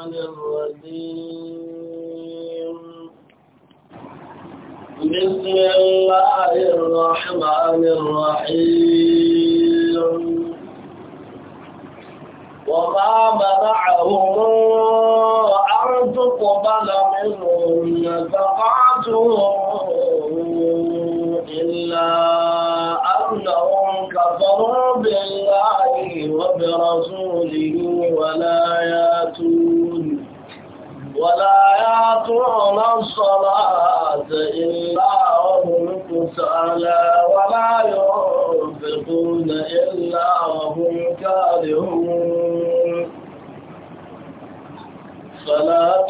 الشيطان الرجيم بسم الله الرحمن الرحيم وما منعهم أن تقبل منهم نفقاتهم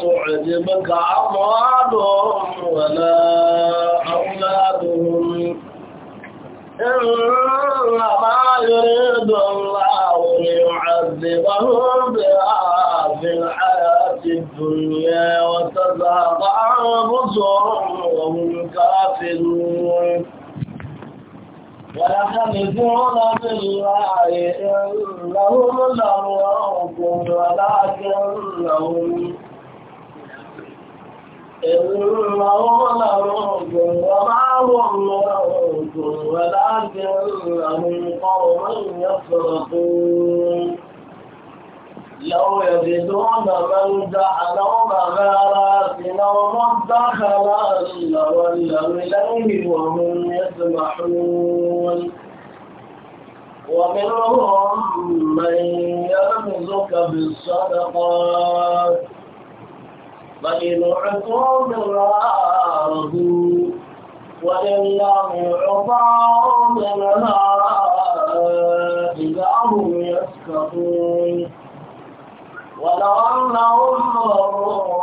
تعجبك أموالهم ولا أولادهم إنما يريد الله ليعذبهم بها في الحياة الدنيا وتذهب أنفسهم وهم كافرون ويحلفون بالله إنهم يروكم ولكنهم إنهم لموت وما هم موت ولكنهم قوم يفرقون لو يجدون ملجأ أو مغارات أو مدخلا لولوا إليه وهم يسمحون ومنهم من يرمزك بالصدقات بل نعتوا مراره ولله عطاء منها إذا هم يسكتون ولو أنهم مروا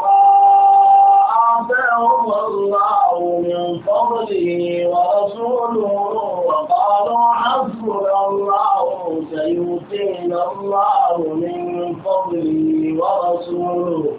آتاهم الله من فضله ورسوله وقالوا حسبنا الله سيؤتينا الله من فضله ورسوله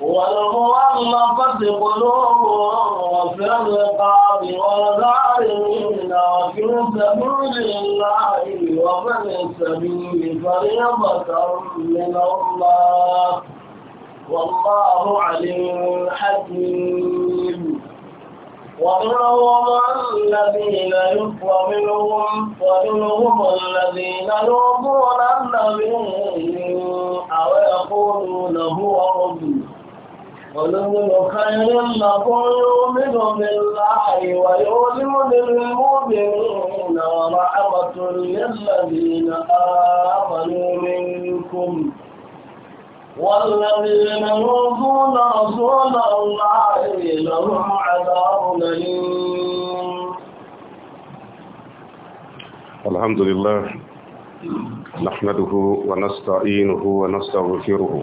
والمؤلفة قلوبهم في الرقاب والغارمين وفي سبيل الله ومن السبيل فريضة من الله والله عليم حكيم ومنهم الذين يكفى ومنهم الذين يؤذون النبي أو يقولون هو ربي ولمن خير نقول منهم الله ويؤمن للمؤمنين ورحمة للذين آمنوا منكم والذين يؤذون رسول الله لهم عذاب أليم الحمد لله نحمده ونستعينه ونستغفره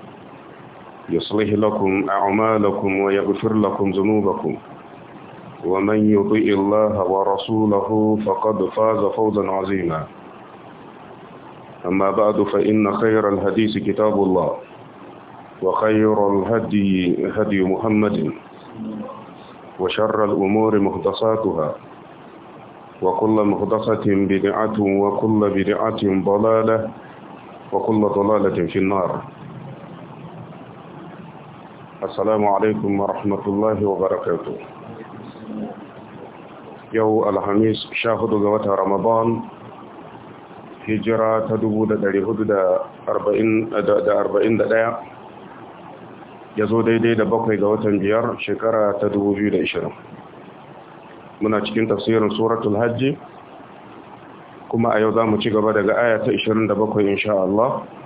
يصلح لكم أعمالكم ويغفر لكم ذنوبكم ومن يطيع الله ورسوله فقد فاز فوزا عظيما أما بعد فإن خير الحديث كتاب الله وخير الهدي هدي محمد وشر الأمور مهدساتها وكل مهدسة بدعة وكل بدعة ضلالة وكل ضلالة في النار assalamu alaikum wa barakatu yau alhamis sha hudu ga wata ramadan hijira ta dubu da dari hudu da arba'in da daya ya zo daidai da bakwai ga watan biyar shekara ta dubu biyu da ishirin muna cikin tafsirin suratul hajji kuma a yau za mu ci gaba daga aya ta ishirin da bakwai insha'allah Allah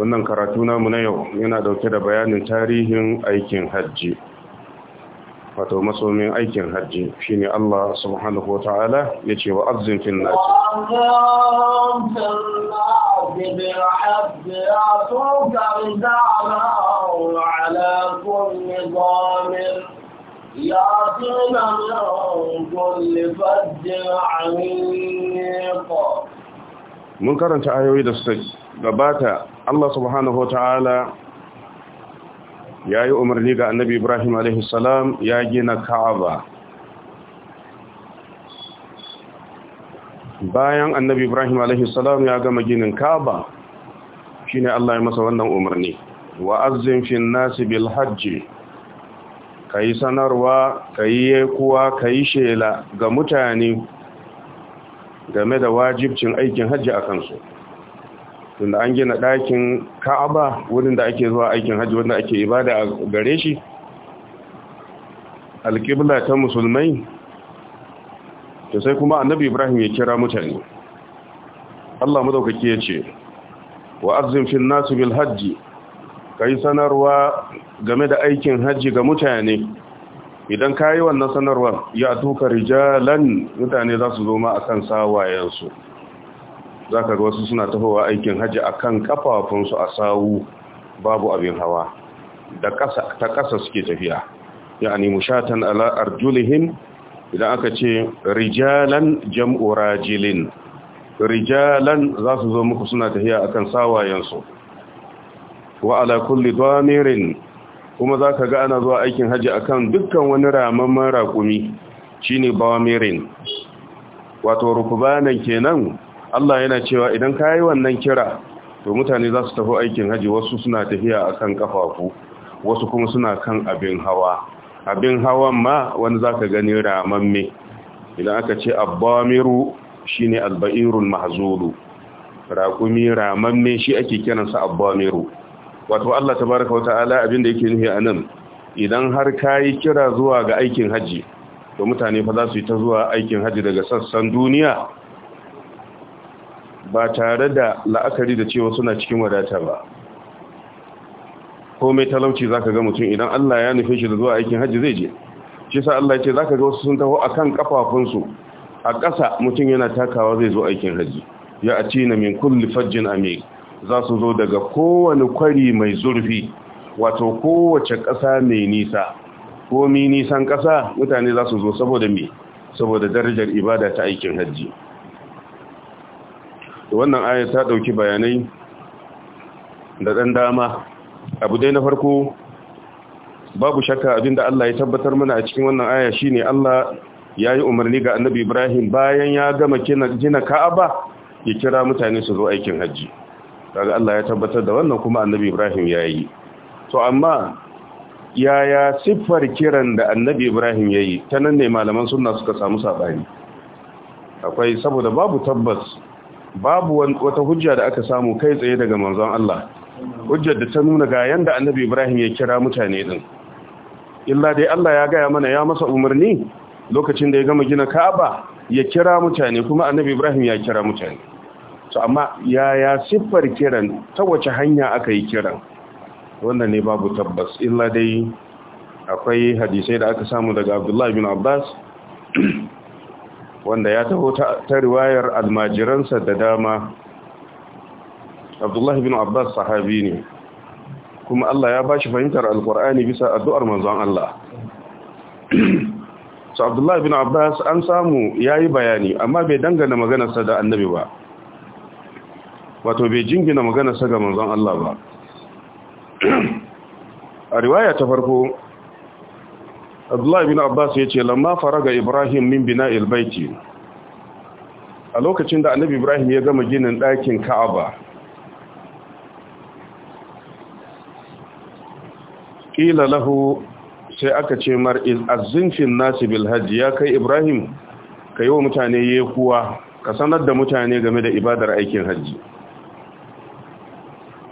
wannan karatu namu na yau yana dauke da bayanin tarihin aikin hajji wato masomin aikin hajji shine Allah subhanahu wataala yace wa azzin fil nas يعطينا من كل فج عميق mun karanta ayoyi da suka gabata Allah subhanahu ta'ala ya yi umarni ga annabi Ibrahim salam ya gina Ka'aba bayan annabi Ibrahim salam ya gama ginin Ka'aba shine Allah ya masa wannan umarni wa azzin nasi bil hajji kai sanarwa kai kuwa kai shela ga mutane game da wajibcin aikin hajji a kansu. tunda an gina ɗakin ka'aba wurin da ake zuwa aikin hajji wanda ake ibada a gare shi alƙibla ta musulmai ta sai kuma annabi ibrahim ya kira mutane allah madaukaki ya ce wa arzin fin nasu bil hajji yi sanarwa game da aikin hajji ga mutane idan ka yi wannan sanarwa ya tuka rijalan mutane za su zo ma a kan sawayensu za ka ga wasu suna tahowa aikin hajji a kan kafafunsu a sawu babu abin hawa ta ƙasa suke tafiya ya'ani mushatan ala arjulihim idan aka ce rijalan jam'u rajilin rijalan za su zo muku suna tafiya a kan sawayensu wa ala kulli damirin kuma za ka ga ana zuwa aikin hajji akan dukkan wani ramamman raƙumi ne bamirin wato rukubanan kenan Allah yana cewa idan ka yi wannan kira to mutane za su tafi aikin haji wasu suna tafiya a kan kafafu wasu kuma suna kan abin hawa abin hawan ma wani za ka gani ramamme idan aka ce abbamiru shi ne alba'irun mahzuru, raƙumi ramamme shi ake kiransa abbamiru wato Allah ta wata wata abin da yake nufi a nan idan har ka yi kira zuwa ga aikin haji to mutane fa za su yi ta zuwa aikin haji daga sassan duniya ba tare da la'akari da cewa suna cikin wadata ba komai talauci ka ga mutum idan Allah ya nufe shi da zuwa aikin hajji zai je shi sa Allah ya ce ka ga wasu sun taho a kan kafafunsu a ƙasa mutum yana takawa zai zo aikin hajji ya cina min kulli fajjin ame za su zo daga kowane kwari mai zurfi wato kowace ƙasa mai nisa komi nisan ƙasa mutane za su zo saboda me saboda darajar ibada ta aikin hajji da wannan ayar ta ɗauki bayanai da ɗan dama abu dai na farko babu shakka abinda Allah ya tabbatar mana a cikin wannan aya shine Allah ya yi umarni ga annabi Ibrahim bayan ya gama gina Ka'aba ya kira mutane su zo aikin hajji daga Allah ya tabbatar da wannan kuma annabi Ibrahim ya yi to amma yaya siffar kiran da annabi Ibrahim ya yi ta nan ne malaman suna suka samu saɓani? akwai saboda babu tabbas babu wata hujja da aka samu kai tsaye daga manzon Allah hujjar da ta nuna ga yanda annabi Ibrahim ya kira mutane din illa dai Allah ya gaya mana ya masa umarni lokacin da ya gama gina Ka'aba ya kira mutane kuma annabi Ibrahim ya kira mutane to amma ya ya siffar kiran ta wace hanya aka yi kiran wannan ne babu tabbas illa dai akwai hadisai da aka samu daga Abdullah bin Abbas wanda ya taho ta riwayar almajiransa da dama abdullahi bin abbas sahabi ne kuma Allah ya bashi fahimtar alkur'ani bisa addu'ar manzon Allah To abdullahi bin abbas an samu yayi bayani amma bai dangana maganarsa da annabi ba wato bai jingina maganarsa ga manzon Allah ba a riwaya ta farko abdullahi bin abbas ya ce lamma faraga ibrahim min bina baiti a lokacin da annabi ibrahim ya gama ginin ɗakin ka'aba ƙila lahu sai aka ce mar azinfin nasi bilhaji ya kai ibrahim ka yi wa mutane ya kuwa ka sanar da mutane game da ibadar aikin hajji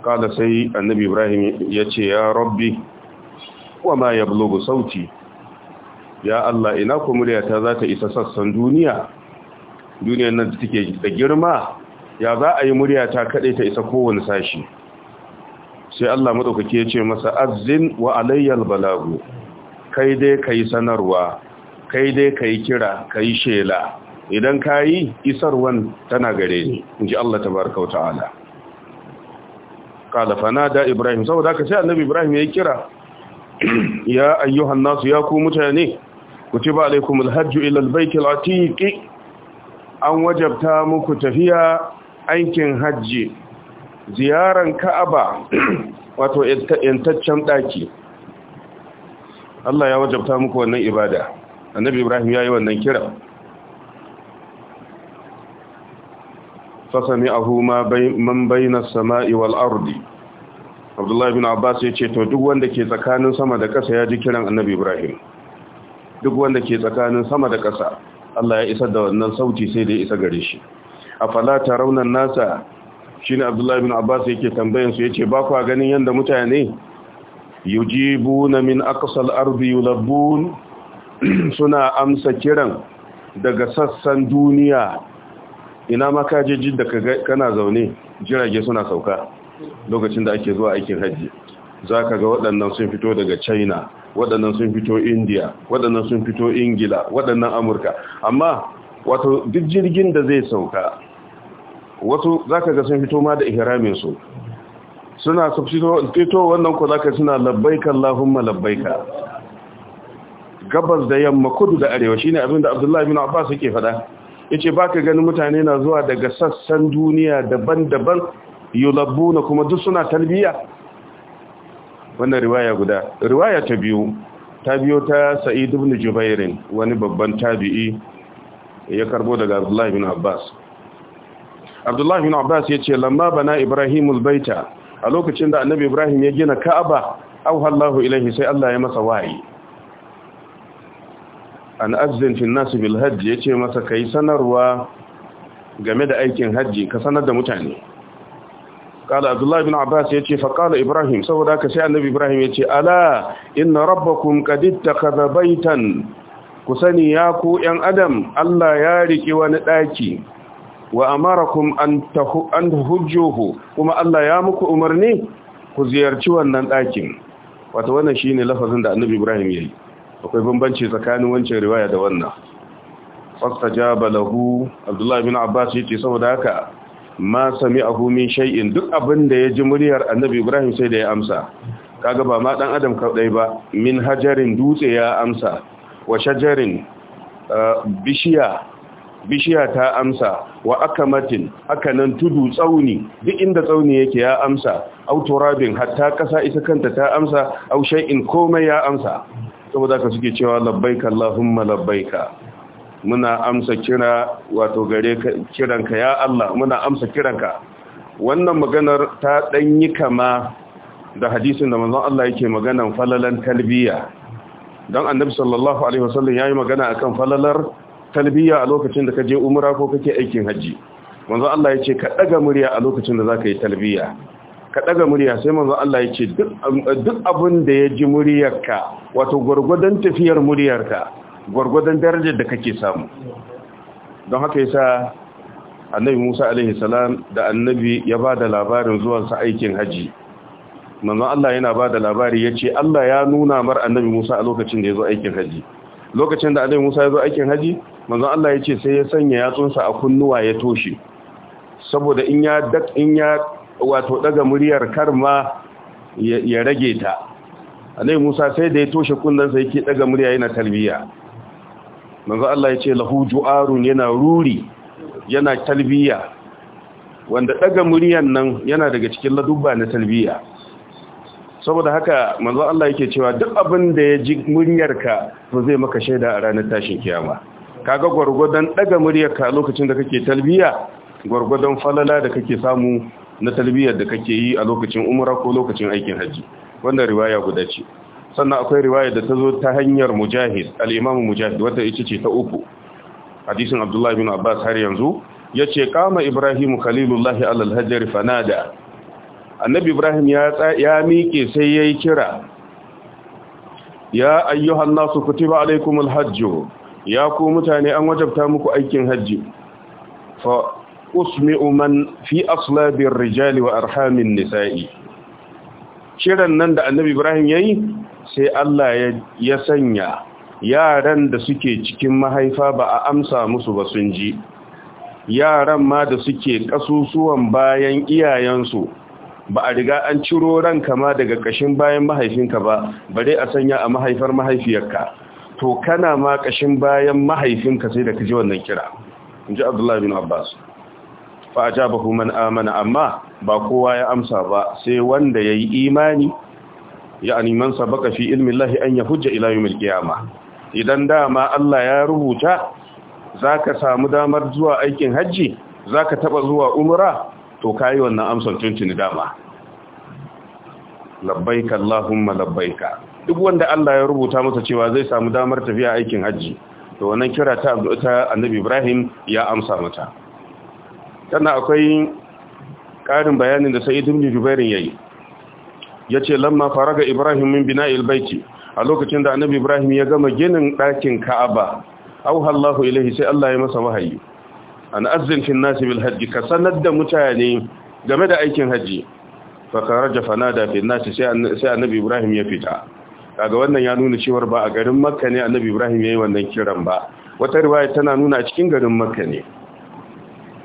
Kada sai annabi ibrahim ya ce ya rabbi wa ma ya blogu sauti ya Allah ina ku muryata za ta isa sassan duniya duniyar nan da take da girma ya za a yi muryata kaɗai ta isa kowane sashi sai Allah madaukake ya ce masa azzin wa alayyal balagu kai dai ka sanarwa kai dai ka kira ka yi shela idan ka isarwan tana gare ni in Allah ta wa ta'ala da ibrahim saboda ka sai annabi ibrahim ya yi kira ya ayyuhan nasu ya ku mutane kutiba alaikum alhajj ila albayt alatiq an wajabta muku tafiya aikin hajji ziyaran ka'aba wato yantaccen daki Allah ya wajabta muku wannan ibada annabi Ibrahim yayi wannan kira fasami'ahu ma man bayna as-sama'i wal ardi Abdullah ibn Abbas ce to duk wanda ke tsakanin sama da ƙasa ya ji kiran annabi Ibrahim duk wanda ke tsakanin sama da ƙasa Allah ya isa da wannan sauti sai da ya isa gare shi A falata raunan nasa Shin Abdullahi bin Abbas yake tambayan su yace ba kuwa ganin yadda mutane na min aqsal arbi yulabun suna amsa kiran daga sassan duniya ina ma da je kana zaune jirage suna sauka lokacin da ake zuwa aikin hajji Za ka ga waɗannan sun fito daga China waɗannan sun fito indiya waɗannan sun fito ingila waɗannan amurka amma wato duk jirgin da zai sauka wasu zaka ga sun fito ma da ihramin su suna fito wannan ku zaka suna labbaika allahumma labbaika gabas da yamma kudu da arewa shine abin da abdullahi bin abbas yake faɗa yace baka ganin mutane na zuwa daga sassan duniya daban-daban yulabbuna kuma duk suna talbiya wannan riwaya guda riwaya ta biyu ta biyo ta sa'id ibn jubairin wani babban tabi'i ya karbo daga abdullahi bin abbas abdullahi bin abbas ya ce lamma bana ibrahimul baita a lokacin da annabi ibrahim ya gina ka'aba hallahu ilaihi sai allah ya masa wa'i an azzin fi nasu bil hajji ya ce masa kai sanarwa game da aikin hajji ka sanar da mutane kala abdullahi bin abbas ya ce faƙala ibrahim saboda ka sai annabi ibrahim ya ce ala inna rabbakum kadidda kazabaitan baitan ku sani ya ku ‘yan adam Allah ya riƙe wani ɗaki wa amarakum an hujjuhu kuma Allah ya muku umarni ku ziyarci wannan ɗakin wata wannan shi ne lafazin da annabi ibrahim ya yi akwai bambanci tsakanin wancan riwaya da wannan fasta jaba balahu abdullahi bin abbas ya ce saboda haka ma sami min shai'in duk abin da ya ji muryar annabi ibrahim sai da ya amsa kaga ba ma dan adam kaɗai ba min hajarin dutse ya amsa wa shajarin uh, bishiya bishiya ta amsa wa akamatin hakanan tudu tsauni duk inda tsauni yake ya amsa au turabin hatta kasa ita kanta ta amsa au shay'in komai ya amsa saboda ka suke cewa labbaika allahumma labbaika muna amsa kira wato gare kiranka ya Allah muna amsa kiranka wannan maganar ta danyi kama da hadisin da manzon Allah yake magana falalan talbiya dan annabi sallallahu alaihi wasallam yayi magana akan falalar talbiya a lokacin da kaje umra ko kake aikin haji manzon Allah yace ka daga murya a lokacin da zaka yi talbiya ka daga murya sai manzon Allah yace duk duk abin da ya ji muryarka wato gurgurdan tafiyar muryarka gwargwadon darajar da kake samu don haka yasa annabi Musa alaihi salam da annabi ya ba da labarin zuwansa aikin haji manzo Allah yana ba da labari ya ce Allah ya nuna mar annabi Musa a lokacin da ya zo aikin haji lokacin da annabi Musa ya zo aikin haji manzo Allah ya ce sai ya sanya yatsunsa a kunnuwa ya toshe saboda in ya dak in ya wato daga muryar karma ya rage ta annabi Musa sai da ya toshe kunnansa yake daga murya yana talbiya manzo Allah ya ce lahu ju'arun yana ruri yana talbiya wanda daga muryan nan yana daga cikin ladubba na talbiya saboda haka manzo Allah yake cewa duk abin da ya ji muryarka to zai maka shaida a ranar tashin kiyama kaga gurgudan daga muryarka lokacin da kake talbiya gurgudan falala da kake samu na talbiyar da kake yi a lokacin umra ko lokacin aikin haji wannan riwaya guda ce sannan akwai riwaya da ta zo ta hanyar mujahid al'imamu mujahid wata ita ce ta uku hadisin abdullahi bin abbas har yanzu ya ce kama ibrahimu khalilullahi alalhajjar fanada annabi ibrahim ya miƙe sai ya yi kira ya ayyuhan nasu kutiba alaikum alhajjo, ya ku mutane an wajabta muku aikin hajji fa usmi'u fi aslabir rijali wa arhamin nisa'i kiran nan da annabi ibrahim ya yi sai Allah ya sanya yaran da suke cikin mahaifa ba a amsa musu ba sun ji yaran ma da suke kasusuwan bayan iyayensu ba a riga an ciro ranka ma daga kashin bayan mahaifinka ba bare a sanya a mahaifar mahaifiyarka to kana ma kashin bayan mahaifinka sai da kaji wannan kira inji Abdullahi bin Abbas fa ajabahu man amana amma ba kowa ya amsa ba sai wanda yayi imani ya'ani man sabaka fi ilmi Allah an yahujja ila yawmil qiyama idan dama Allah ya rubuta zaka samu damar zuwa aikin haji zaka taba zuwa umra to kai wannan amsar tuntuni dama labbaika Allahumma labbaika duk wanda Allah ya rubuta masa cewa zai samu damar tafiya aikin haji to wannan kira ta Annabi Ibrahim ya amsa mata sannan akwai ƙarin bayanin da sai ibn jubairin yayi Ya ce lamma faraga ibrahim min bina'il ilbaiki a lokacin da annabi ibrahim ya gama ginin ɗakin ka'aba Au Allahu ilahi sai Allah ya masa wahayi an azzin fil nasi bil hajji ka sanar da mutane game da aikin hajji. fa kharaja fanada fil nasi sai annabi ibrahim ya fita kaga wannan ya nuna cewa ba a garin makka ne annabi ibrahim ya yi wannan kiran ba wata riwaya tana nuna a cikin garin makka ne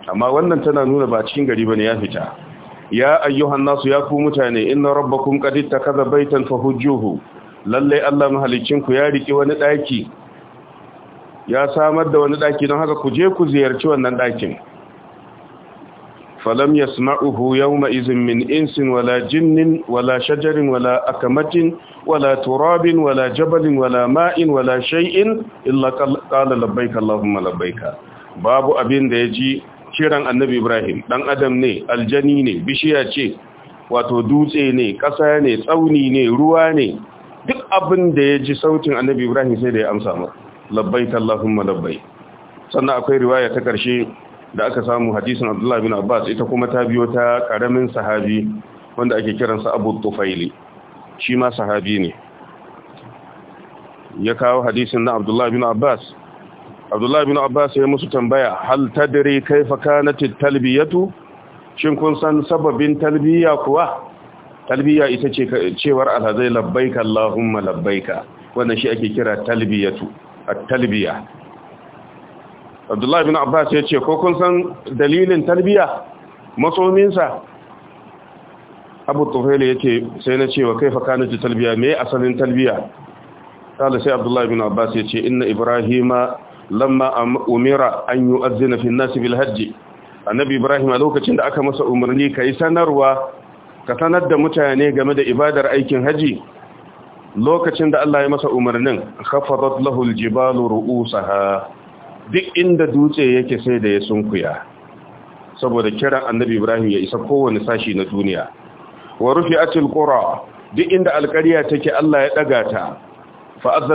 amma wannan tana nuna ba cikin gari bane ya fita ya ayyuhan nasu ya ku mutane inna rabbakum qad ittakaza baitan fahujjuhu lalle Allah mahalicin ku ya riki wani daki ya samar da wani daki don haka ku je ku ziyarci wannan dakin falam yasma'uhu yawma izin min insin wala jinnin wala shajarin wala akamatin wala turabin wala jabalin wala ma'in wala shay'in illa qala labbaika allahumma labbaika babu abin da ya ji ciran annabi ibrahim dan adam ne aljani ne bishiya ce wato dutse ne kasa ne tsauni ne ruwa ne duk abin da ya ji sautin annabi ibrahim sai da ya amsa masa labbai allahumma labbai sannan akwai riwaya ta karshe da aka samu hadisin abdullahi bin abbas ita kuma ta biyo ta karamin sahabi wanda ake kiransa abu tufaili shi ma sahabi ne ya kawo hadisin na abdullahi bin abbas abdullahi bin abbas ya musu tambaya hal tadri kaifa kanat talbiyatu shin kun san sababin talbiya kuwa talbiya ita ce cewar alhazai labbaika allahumma labbaika wannan shi ake kira talbiyatu at-talbiya abdullahi bin abbas ya ce ko kun san dalilin talbiya matsominsa abu tufaila yake sai na cewa kaifa kanat talbiya me asalin talbiya kala sai abdullahi bin abbas ya ce inna ibrahima lamma umira an yu'azzina fi an annabi ibrahim a lokacin da aka masa umarni kai sanarwa ka sanar da mutane game da ibadar aikin haji lokacin da Allah ya masa umarnin khafadat lahu jibalu ru'usaha duk inda dutse yake sai da ya sunkuya saboda kiran annabi ibrahim ya isa kowane sashi na duniya wa rufi'atil qura duk inda alƙarya take Allah ya daga ta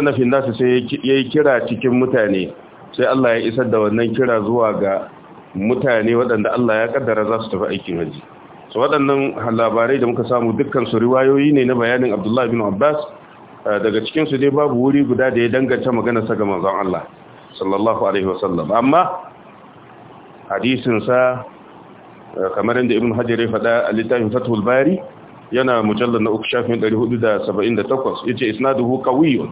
na fi nasu sai ya yi kira cikin mutane sai Allah ya isar da wannan kira zuwa ga mutane waɗanda Allah ya kaddara za su tafi aikin haji su waɗannan labarai da muka samu dukkan su riwayoyi ne na bayanin Abdullah bin Abbas eh, daga cikin su dai babu wuri guda da ya danganta magana sa ga manzon Allah sallallahu alaihi wasallam amma hadisin sa eh, kamar inda Ibn Hajar ya faɗa a littafin Fathul Bari yana mujallar na uku shafin 478 yace isnaduhu qawiyyun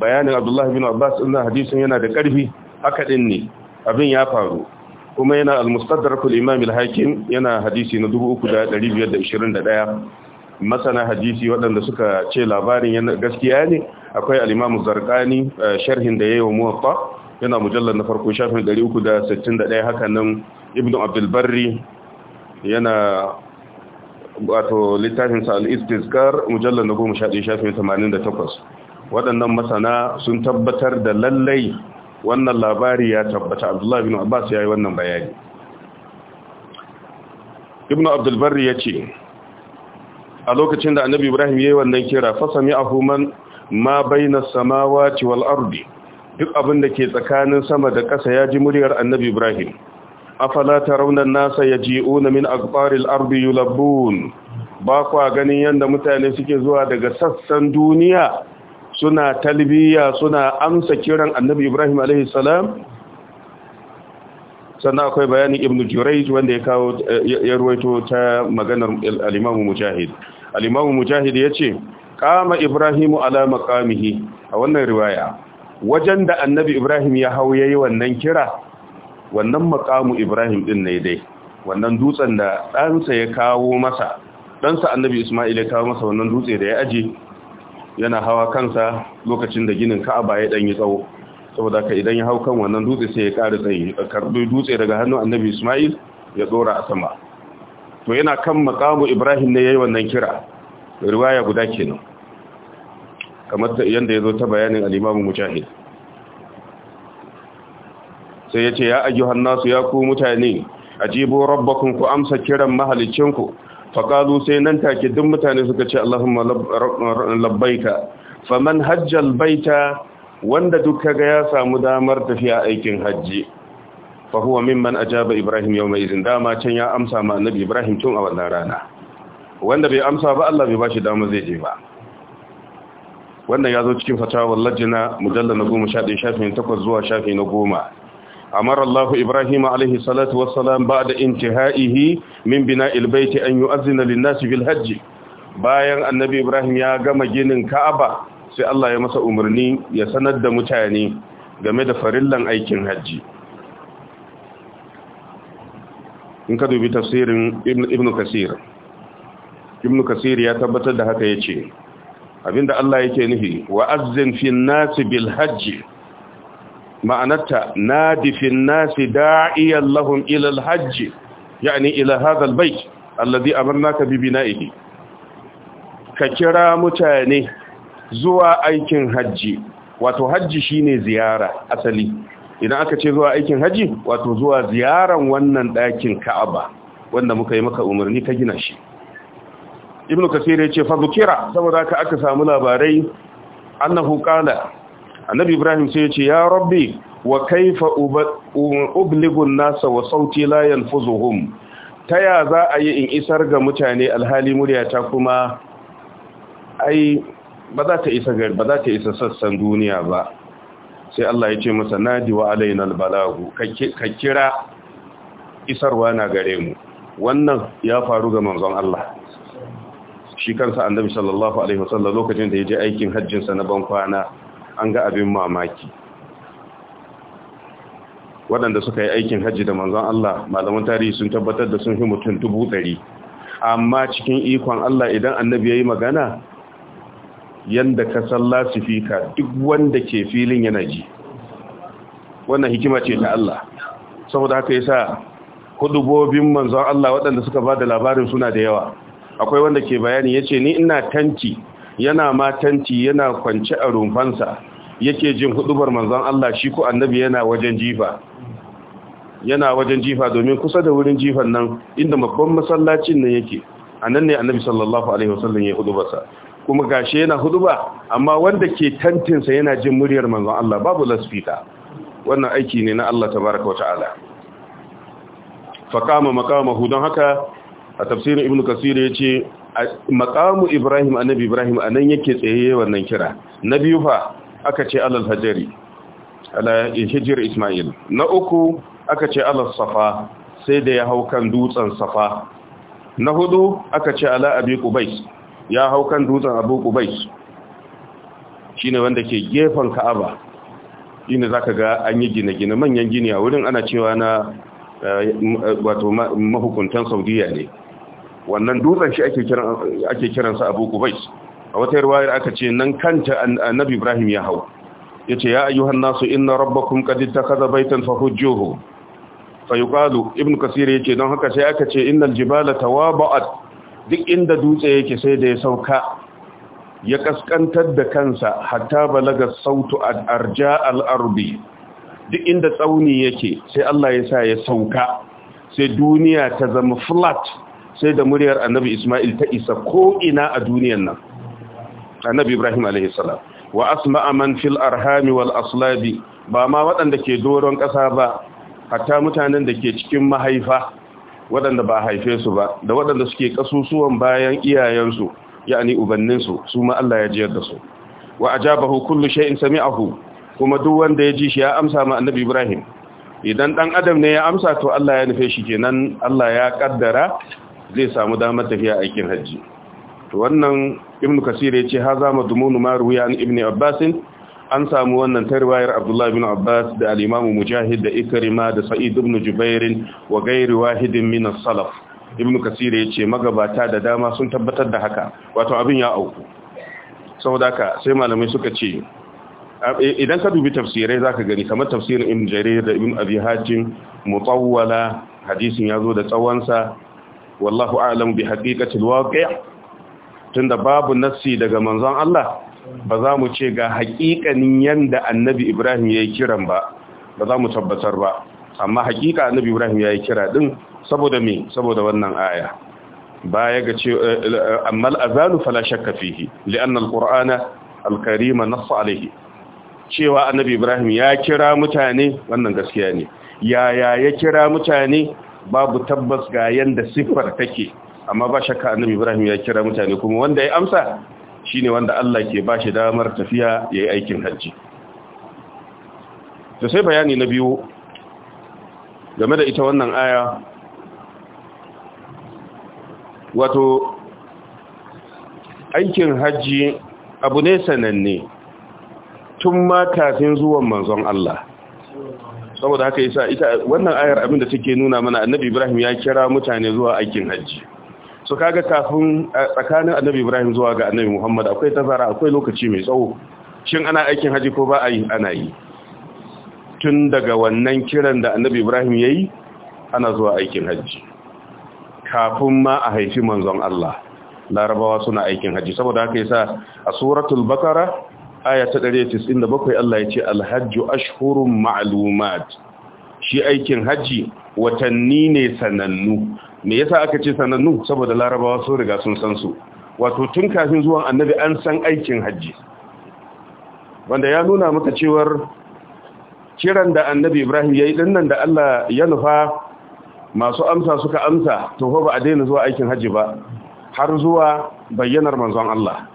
bayanin abdullahi bin abbas inna hadisin yana da karfi haka din ne abin ya faru kuma yana al kul, imam al-hakim yana hadisi na 3521 masana hadisi waɗanda suka ce labarin yana gaskiya ne akwai alimam imam zarqani eh, sharhin da yayi wa muwaffa. yana mujallar na farko shafin 361 haka nan ibnu abdul barri yana wato littafin sa al-istizkar mujallal na 11 shafin 88 waɗannan masana sun tabbatar da lallai wannan labari ya tabbata Abdullahi bin Abbas ya yi wannan bayani Ibn Abdul ya ce a lokacin da Annabi Ibrahim ya yi wannan kira fa sami'ahu man ma baina samawa ciwal ardi duk abin da ke tsakanin sama da ƙasa ya ji muryar Annabi Ibrahim afala tarawnan nasa yaji'una min aqbaril ardi yulabbun ba kwa ganin yanda mutane suke zuwa daga sassan duniya suna talbiya suna amsa kiran annabi Ibrahim alaihi sannan akwai bayanin ibnu jurayj wanda ya kawo ya ruwaito ta maganar Alimamu mujahid Alimamu Mujahid ya yace kama ibrahimu ala makamihi a wannan riwaya wajen da annabi ibrahim ya hau yayi wannan kira wannan makamu ibrahim din ne dai wannan dutsen da ɗansa ya kawo masa ɗansa annabi ismail ya kawo masa wannan dutse da ya aje yana hawa kansa lokacin da ginin ka'aba ya ɗanyi tsawo saboda ka idan ya hau kan wannan dutse sai ya ƙara tsayi karɓi dutse daga hannun annabi ismail ya tsora a sama to yana kan makamu ibrahim ne ya yi wannan kira riwaya guda kenan kamar yadda ya zo ta bayanin al'imamu mujahid sai ya ce ya ayyuhan nasu ya ku mutane a jibo rabbakum ku amsa kiran mahalicinku faƙalu sai nan take duk mutane suka ce Allahumma labbaika faman hajjal baita wanda duk kaga ya samu damar tafiya aikin hajji fa huwa mimman ajaba Ibrahim yawma idin. dama can ya amsa ma annabi Ibrahim tun a wannan rana wanda bai amsa ba Allah bai bashi dama zai je ba wannan ya zo cikin fatawar lajina mujalla na goma sha ɗaya shafi na takwas zuwa shafin na goma amara Allah Ibrahim alaihi salatu wassalam ba'da intihaihi min bina'il baiti an yu'azzina lin-nasi bil bayan annabi Ibrahim ya gama ginin Ka'aba sai Allah ya masa umarni ya sanar da mutane game da farillan aikin hajji in ka dubi tafsirin ibn kasir ibn kasir ya tabbatar da haka yace abinda Allah yake nufi wa azzin fi nasi bil hajji ma'anarta nadifin nasi da'iyan lahum ila alhajj yani ila hadha albayt naka bibi na bina'ihi ka kira mutane zuwa aikin hajji wato hajji shine ziyara asali idan aka ce zuwa aikin hajji wato zuwa ziyaran wannan ɗakin ka'aba wanda muka yi maka umarni ka gina shi ibn kasir ya ce fa zukira saboda aka samu labarai annahu qala annabi ibrahim sai ya ce ya rabbi wa kaifa ubligun nasa wa sauti la yanfuzuhum ta ya za a yi in isar ga mutane alhali muryata kuma ai ba za ta isa ba za ta isa sassan duniya ba sai Allah ya ce masa nadi wa alaina albalagu ka kira isarwa na gare mu wannan ya faru ga manzon Allah shi kansa annabi sallallahu alaihi wasallam lokacin da ya je aikin hajjinsa na ban kwana an ga abin mamaki waɗanda suka yi aikin hajji da manzon Allah malaman tarihi sun tabbatar da sun fi mutum dubu ɗari amma cikin ikon Allah idan annabi ya yi magana yadda ka fi fika duk wanda ke filin yana ji wannan hikima ce ta Allah saboda haka yasa hudubobin manzon Allah waɗanda suka ba da labarin suna da yawa akwai wanda ke bayani Ya ce ni ina tanti yana ma tanti yana kwance a rumfansa yake jin hudubar manzon Allah shi ko annabi yana wajen jifa yana wajen jifa domin kusa da wurin jifan nan inda babban masallacin nan yake anan ne annabi sallallahu alaihi wasallam ya hudubarsa kuma gashi yana huduba amma wanda ke tantinsa yana jin muryar manzon Allah babu laspita wannan aiki ne na Allah tabaraka wata'ala fa kama don haka a tafsirin ibnu kasir yace maqamu ibrahim annabi ibrahim anan yake tsaye wannan kira na biyu fa aka ce alal hajari ala hijir ismail na uku aka ce alal safa sai da ya hau kan dutsen safa na hudu aka ce ala abi qubais ya hau kan dutsen abu qubais shine wanda ke gefen ka'aba shine zaka ga an yi gine-gine manyan gini a wurin ana cewa na eh, wato mahukuntan saudiya ne wannan dutsen shi ake kiransa abu kubais a wata riwayar aka ce nan kanta annabi Ibrahim ya hau yace ya ayyuhan nasu inna rabbakum qad ittakhadha baytan fahujjuhu fayuqalu ibn kasir yace don haka sai aka ce innal jibala tawaba'at duk inda dutse yake sai da ya sauka ya kaskantar da kansa hatta balaga sautu arja al duk inda tsauni yake sai Allah ya sa ya sauka sai duniya ta zama flat sai da muryar annabi Isma'il ta isa ko ina a duniyar nan annabi ibrahim alaihi salam wa asma'a man fil arhami wal aslabi ba ma waɗanda ke doron ƙasa ba hatta mutanen da ke cikin mahaifa waɗanda ba haife su ba da waɗanda suke ƙasusuwan bayan iyayensu ya'ani ubanninsu su ma Allah ya jiyar da su wa ajabahu kullu shay'in sami'ahu kuma duk wanda ya ji shi ya amsa ma annabi Ibrahim idan dan adam ne ya amsa to Allah ya nufe shi kenan Allah ya kaddara zai samu damar tafiya aikin hajji wannan ibnu kasir ya ce haza madmunu ma ruwiya an Ibn abbas an samu wannan ta riwayar abdullahi bin abbas da al-imam mujahid da ikrima da sa'id ibn jubair wa ghairi wahidin min as-salaf Ibn kasir ya ce magabata da dama sun tabbatar da haka wato abin ya auku saboda haka sai malamai suka ce idan ka dubi tafsirai zaka gani kamar tafsirin ibn jarir da ibn abi hatim mutawwala hadisin yazo da tsawansa wallahu a'lam bi haqiqatil waqi' tunda babu nassi daga manzon Allah ba za mu ce ga haƙiƙanin yanda annabi Ibrahim ya yi kiran ba ba za mu tabbatar ba amma haƙiƙa annabi Ibrahim ya yi kira din saboda me saboda wannan aya baya ga ce eh, eh, eh, amma azalu fala shakka fihi li'anna al alkarima al-karima nassa alayhi cewa annabi Ibrahim ya kira mutane wannan gaskiya ne yaya ya kira mutane babu tabbas ga yanda siffar take amma ba shakka annabi ibrahim ya kira mutane kuma wanda ya amsa shine wanda Allah ke ba shi damar tafiya ya yi aikin hajji to sai bayani na biyu game da ita wannan aya wato aikin hajji abu ne sananne tun ma kafin zuwan manzon Allah saboda haka yasa ita wannan ayar abinda take nuna mana annabi Ibrahim ya kira mutane zuwa aikin hajji su kaga kafin eh, tsakanin annabi ibrahim zuwa ga annabi muhammad akwai tazara akwai lokaci mai tsawo shin ana aikin haji ko ba a yi ana yi tun daga wannan kiran da annabi ibrahim ya yi ana zuwa aikin haji kafin ma a haifi manzon allah larabawa suna aikin haji saboda haka yasa a suratul bakara aya ta 197 allah ya ce alhajju ashhurun ma'lumat shi aikin haji watanni ne sanannu me yasa aka ce sanannu saboda larabawa sun riga sun san su wato tun kafin zuwan annabi an san aikin hajji wanda ya nuna maka cewar kiran da annabi ibrahim ya yi dinnan da allah ya nufa masu amsa suka amsa to ba a daina zuwa aikin hajji ba har zuwa bayyanar manzon allah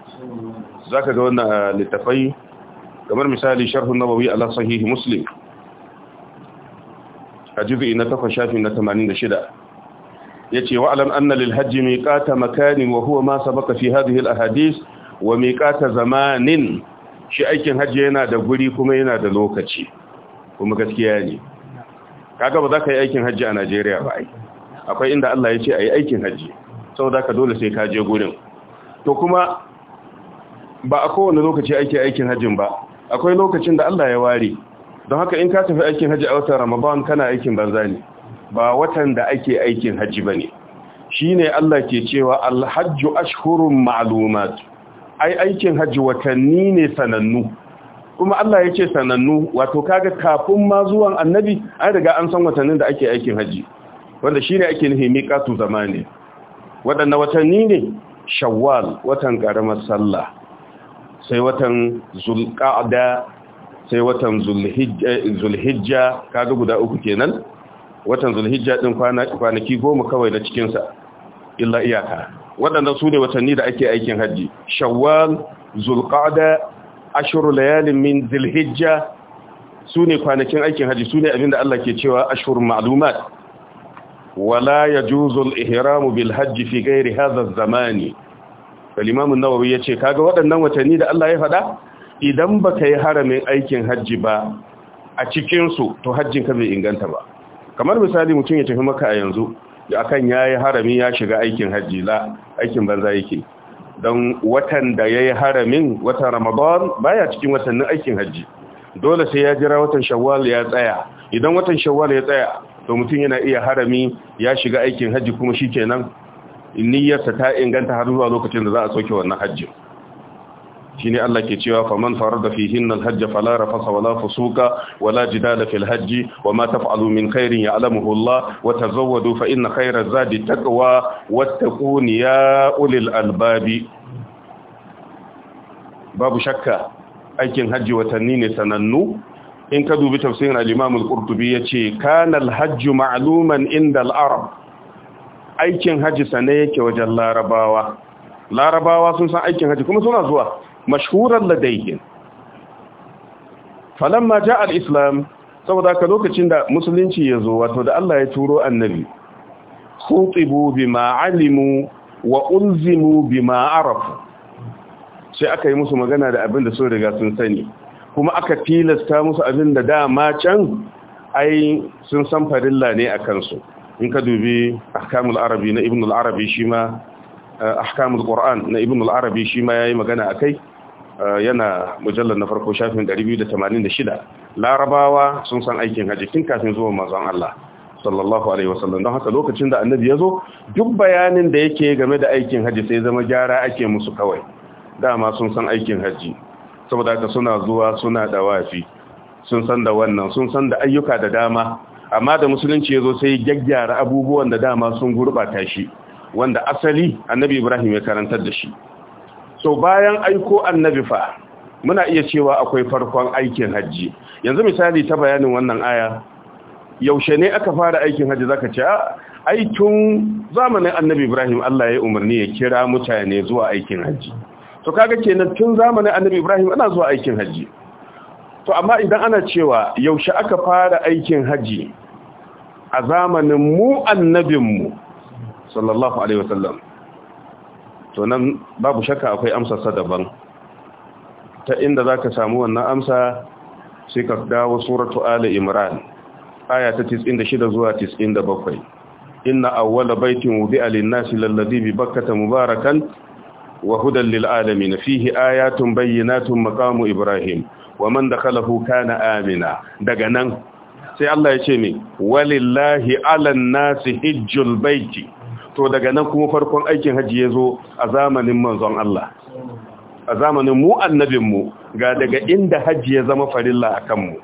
za ka ga wannan ah, littafai kamar misali sharhun nabawi ala sahihi muslim a juzi na takwas shafi na shida. yace wa alam anna lil hajji miqata makanin wa huwa ma baka fi hadhihi al ahadith wa miqata zamanin shi aikin hajji yana da guri kuma yana da lokaci kuma gaskiya ne kaga ba za ka yi aikin hajji a Najeriya ba ai akwai inda Allah ya ce ayi aikin hajji saboda ka dole sai ka je gurin to kuma ba a kowane lokaci ake aikin hajjin ba akwai lokacin da Allah ya ware don haka in ka tafi aikin hajji a watan Ramadan kana aikin banza ne ba watan da ake aikin hajji ba ne shi ne Allah ke cewa alhajju ashhurun ma'alumat ai aikin hajji watanni ne sanannu kuma Allah ya ce sanannu wato kaga kafin ma zuwan annabi an riga an san watannin da ake aikin hajji wanda shi ne ake nufi miƙatu ne. waɗanda watanni ne shawwal watan ƙaramar sallah sai watan zulƙa'ada sai watan eh, zulhijja kaga guda uku kenan watan zulhijja din kwanaki goma kawai da cikinsa illa iyaka waɗanda su ne watanni da ake aikin hajji shawwal zulqa'da Ashiru, layalin min zulhijja su ne kwanakin aikin hajji su ne abinda Allah ke cewa Ashiru ma'lumat wala yajuzu al-ihramu bil hajji fi ghairi hadha az-zamani al-imam an-nawawi yace kaga waɗannan watanni da Allah ya faɗa idan baka yi haramin aikin hajji ba a cikin su to hajjin ka bai inganta ba kamar misali mutum ya tafi maka a yanzu da akan yi harami ya shiga aikin hajji la aikin banza yake don watan da ya yi haramin watan ramadan baya cikin watannin aikin hajji dole sai ya jira watan shawwal ya tsaya idan watan shawwal ya tsaya to mutum yana iya harami ya shiga aikin hajji kuma shikenan niyyarsa ta inganta har zuwa lokacin da za a soke wannan hajjin shine Allah ke cewa faman farada fihin al-hajj fala rafasa wala fusuka wala jidala fil hajj wama taf'alu min khairin ya'lamuhu Allah wa tazawwadu fa inna khayra zadi taqwa wattaquni ya ulil albabi babu shakka aikin hajji watanni ne sanannu in ka dubi tafsirin al-Imam al-Qurtubi yace kana al-hajj ma'luman inda al-arab aikin hajji sane yake wajen larabawa larabawa sun san aikin hajji kuma suna zuwa mashhuran ladayhin falamma ja'a al-islam saboda ka lokacin da musulunci ya zo wato da Allah ya turo annabi khutibu bima alimu wa ulzimu bima arafu sai aka yi musu magana da abin da sun riga sun sani kuma aka tilasta musu abin da dama can ai sun san farilla ne a kansu in ka dubi ahkamul arabi na ibn al-arabi shi ma ahkamul qur'an na ibn al-arabi shi ma yayi magana akai Eh, yana mujallar na farko shafin 286 larabawa sun san aikin haji tun kafin zuwa manzon Allah sallallahu alaihi wasallam don haka lokacin da annabi ya zo duk bayanin da yake game da aikin haji sai zama gyara ake musu kawai dama sun san aikin haji saboda haka suna zuwa suna da wafi, sun san da wannan sun san da ayyuka da dama amma da musulunci ya zo sai gyaggyara abubuwan da dama sun gurbata shi wanda asali annabi ibrahim ya karantar da shi to bayan aiko annabi fa muna iya cewa akwai farkon aikin hajji yanzu misali ta bayanin wannan aya yaushe ne aka fara aikin hajji zaka ce ah, aikin zamanin annabi ibrahim Allah ya umarni ya kira mutane zuwa aikin hajji to kaga kenan tun zamanin annabi ibrahim ana zuwa aikin hajji to amma idan ana cewa yaushe aka fara aikin hajji a zamanin mu annabinmu sallallahu alaihi wasallam to nan babu shakka akwai amsarsa daban ta inda za ka samu wannan amsa sai ka dawo suratu ali imran aya ta 96 zuwa 97 inna awwala baitin wudi'a lin-nasi lalladhi bi bakkata mubarakan wa hudan lil-alamin fihi ayatun bayyinatun maqamu ibrahim wa man dakhalahu kana amina daga nan sai Allah ya ce ne walillahi 'alan nasi hijjul baiti to daga nan kuma farkon aikin hajji ya zo a zamanin manzon Allah a zamanin mu annabinmu ga daga inda hajji ya zama farilla a kanmu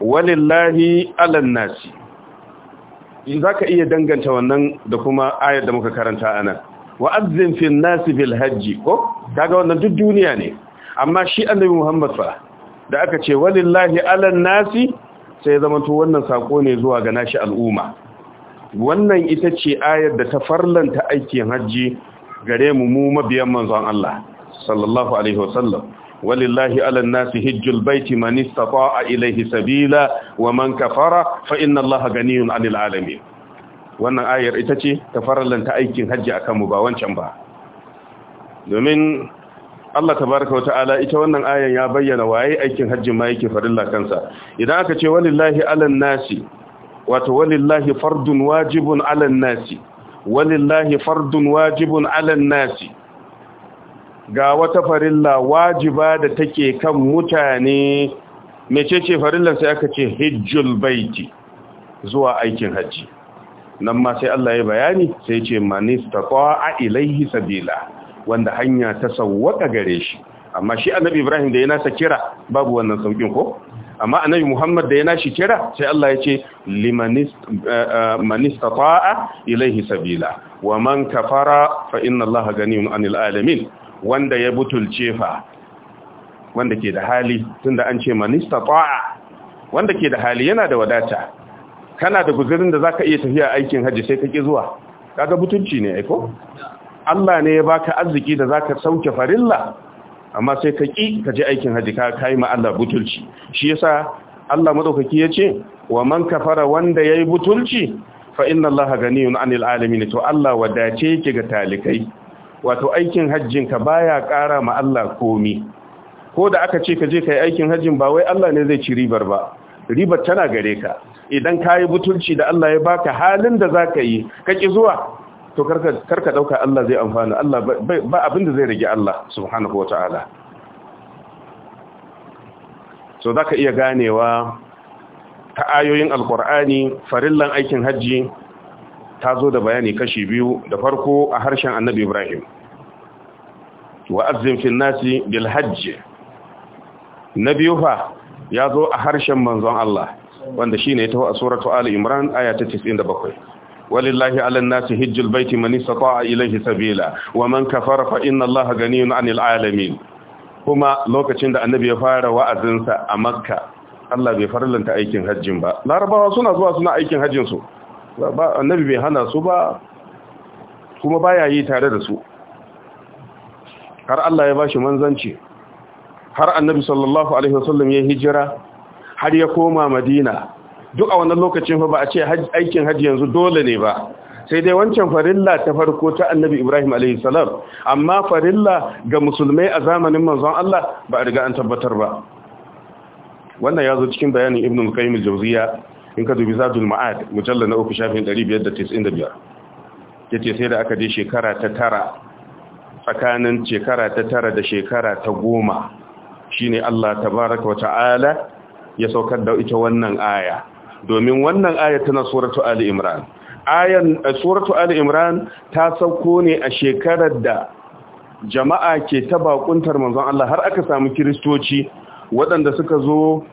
walillahi alan nasi za ka iya danganta wannan da kuma ayar da muka karanta a nan wa'azzin fil nasi bil hajji ko kaga wannan duk duniya ne amma shi annabi Muhammad fa da aka ce walillahi alan nasi sai zamanto wannan sako ne zuwa ga nashi al'umma wannan ita ce ayar da ta farlanta aikin hajji gare mu mu mabiyan manzon Allah sallallahu alaihi wasallam walillahi ala nasi hijjul baiti man istata'a ilayhi sabila wa man kafara fa inna Allaha ganiyun 'anil alamin wannan ayar ita ce ta farlanta aikin hajji akan mu ba wancan ba domin Allah tabaraka wa ta'ala ita wannan ayan ya bayyana waye aikin hajji ma yake farilla kansa idan aka ce walillahi ala nasi wato walillahi fardun wajibun alan nasi walillahi fardun wajibun alan nasi ga wata farilla wajiba da take kan mutane mecece farillar sai aka ce hijjul baiti zuwa aikin haji nan ma sai Allah ya bayani sai ce manista a ilaihi sabila wanda hanya ta sawwaka gare shi amma shi annabi Ibrahim da ya nasa kira babu wannan saukin ko amma annabi Muhammad da ya nashi kira sai Allah ya ce limanistata'a eh, eh, ilaihi sabila wa man kafara fa inna Allaha ganiyun 'anil alamin wanda ya butulce fa wanda ke da hali tunda an ce manistata'a wanda ke da hali yana da wadata kana da guzurin da zaka iya tafiya aikin haji sai kake zuwa kaga butulci ne aiko Allah ne ya baka arziki da zaka sauke farilla amma sai ka ƙi ka je aikin haji ka kai ma Allah butulci shi yasa Allah madaukaki ya ce wa man kafara wanda yayi butulci fa inna Allah ganiyun anil alamin to Allah wadace yake ga talikai wato aikin hajjin ka baya kara ma Allah komi ko da aka ce ka je kai aikin hajjin ba wai Allah ne zai ci ribar ba ribar tana gare ka idan kayi butulci da Allah ya baka halin da zaka yi ka ki zuwa to karka dauka Allah zai amfana Allah ba abin da zai rage Allah subhanahu wata'ala so zaka iya ganewa ta ayoyin alkur'ani farillan aikin hajji ta zo da bayani kashi biyu da farko a harshen annabi ibrahim wa'azzin fi nasi bil hajji na biyu fa ya zo a harshen manzon Allah wanda shine ya taho a suratu Ali Imran aya ta 97 walillahi ala nasi hijjul baiti man istata'a ilayhi sabila wa man kafara fa inna allaha ganiyun 'anil alamin kuma lokacin da annabi ya fara wa'azinsa a makka Allah bai farlanta aikin hajjin ba larabawa suna zuwa suna aikin hajjin su annabi bai hana su ba kuma baya yi tare da su har Allah ya bashi manzanci har annabi sallallahu alaihi wasallam ya hijira har ya koma madina duk a wannan lokacin fa ba a ce aikin hajji yanzu dole ne ba sai dai wancan farilla ta farko ta annabi ibrahim alaihissalam amma farilla ga musulmai a zamanin manzon Allah ba a riga an tabbatar ba wannan ya zo cikin bayanin ibn al-qayyim al-jawziya in ka dubi zadul ma'ad mujalla na uku shafin 595 yace sai da aka je shekara ta tara tsakanin shekara ta tara da shekara ta goma shine Allah tabaraka wa ta'ala ya saukar da ita wannan aya domin wannan aya tana suratu ali imran ayan eh, suratu ali imran ta sauko ne a shekarar da jama'a ke ta bakuntar manzon Allah har aka samu kiristoci waɗanda suka zo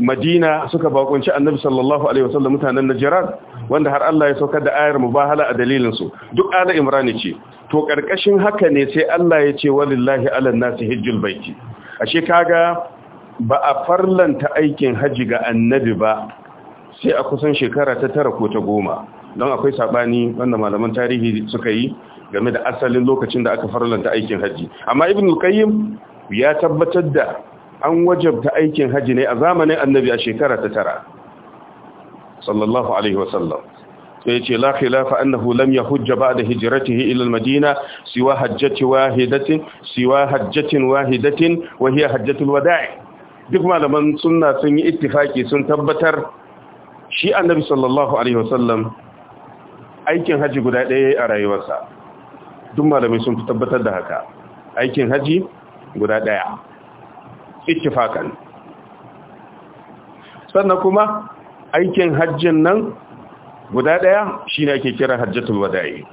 Madina suka bakunci Annabi sallallahu alaihi wasallam mutanen Najran wanda har Allah ya saukar da ayar mubahala a dalilin su duk Ali imran ce to karkashin haka ne sai Allah ya ce walillahi alannasi hijjul baiti ashe kaga ba a farlanta aikin haji ga annabi ba sai a kusan shekara ta tara ko ta goma don akwai sabani wanda malaman tarihi suka yi game da asalin lokacin da aka farlanta aikin haji amma ibn al-qayyim ya tabbatar da an wajabta aikin haji ne a zamanin annabi a shekara ta tara sallallahu alaihi wasallam sai ya ce la khilafa annahu lam yahujja ba'da hijratihi ila al-madina siwa hajjati wahidatin siwa hajjatin wahidatin wa hiya hajjatul wada' duk malaman suna sun yi ittifaki sun tabbatar shi annabi sallallahu alaihi wasallam aikin haji guda ɗaya a rayuwarsa duk malamai sun tabbatar da haka aikin haji guda ɗaya ittifakan sannan kuma aikin hajjin nan guda ɗaya shi ne ake kira hajjatul wada'i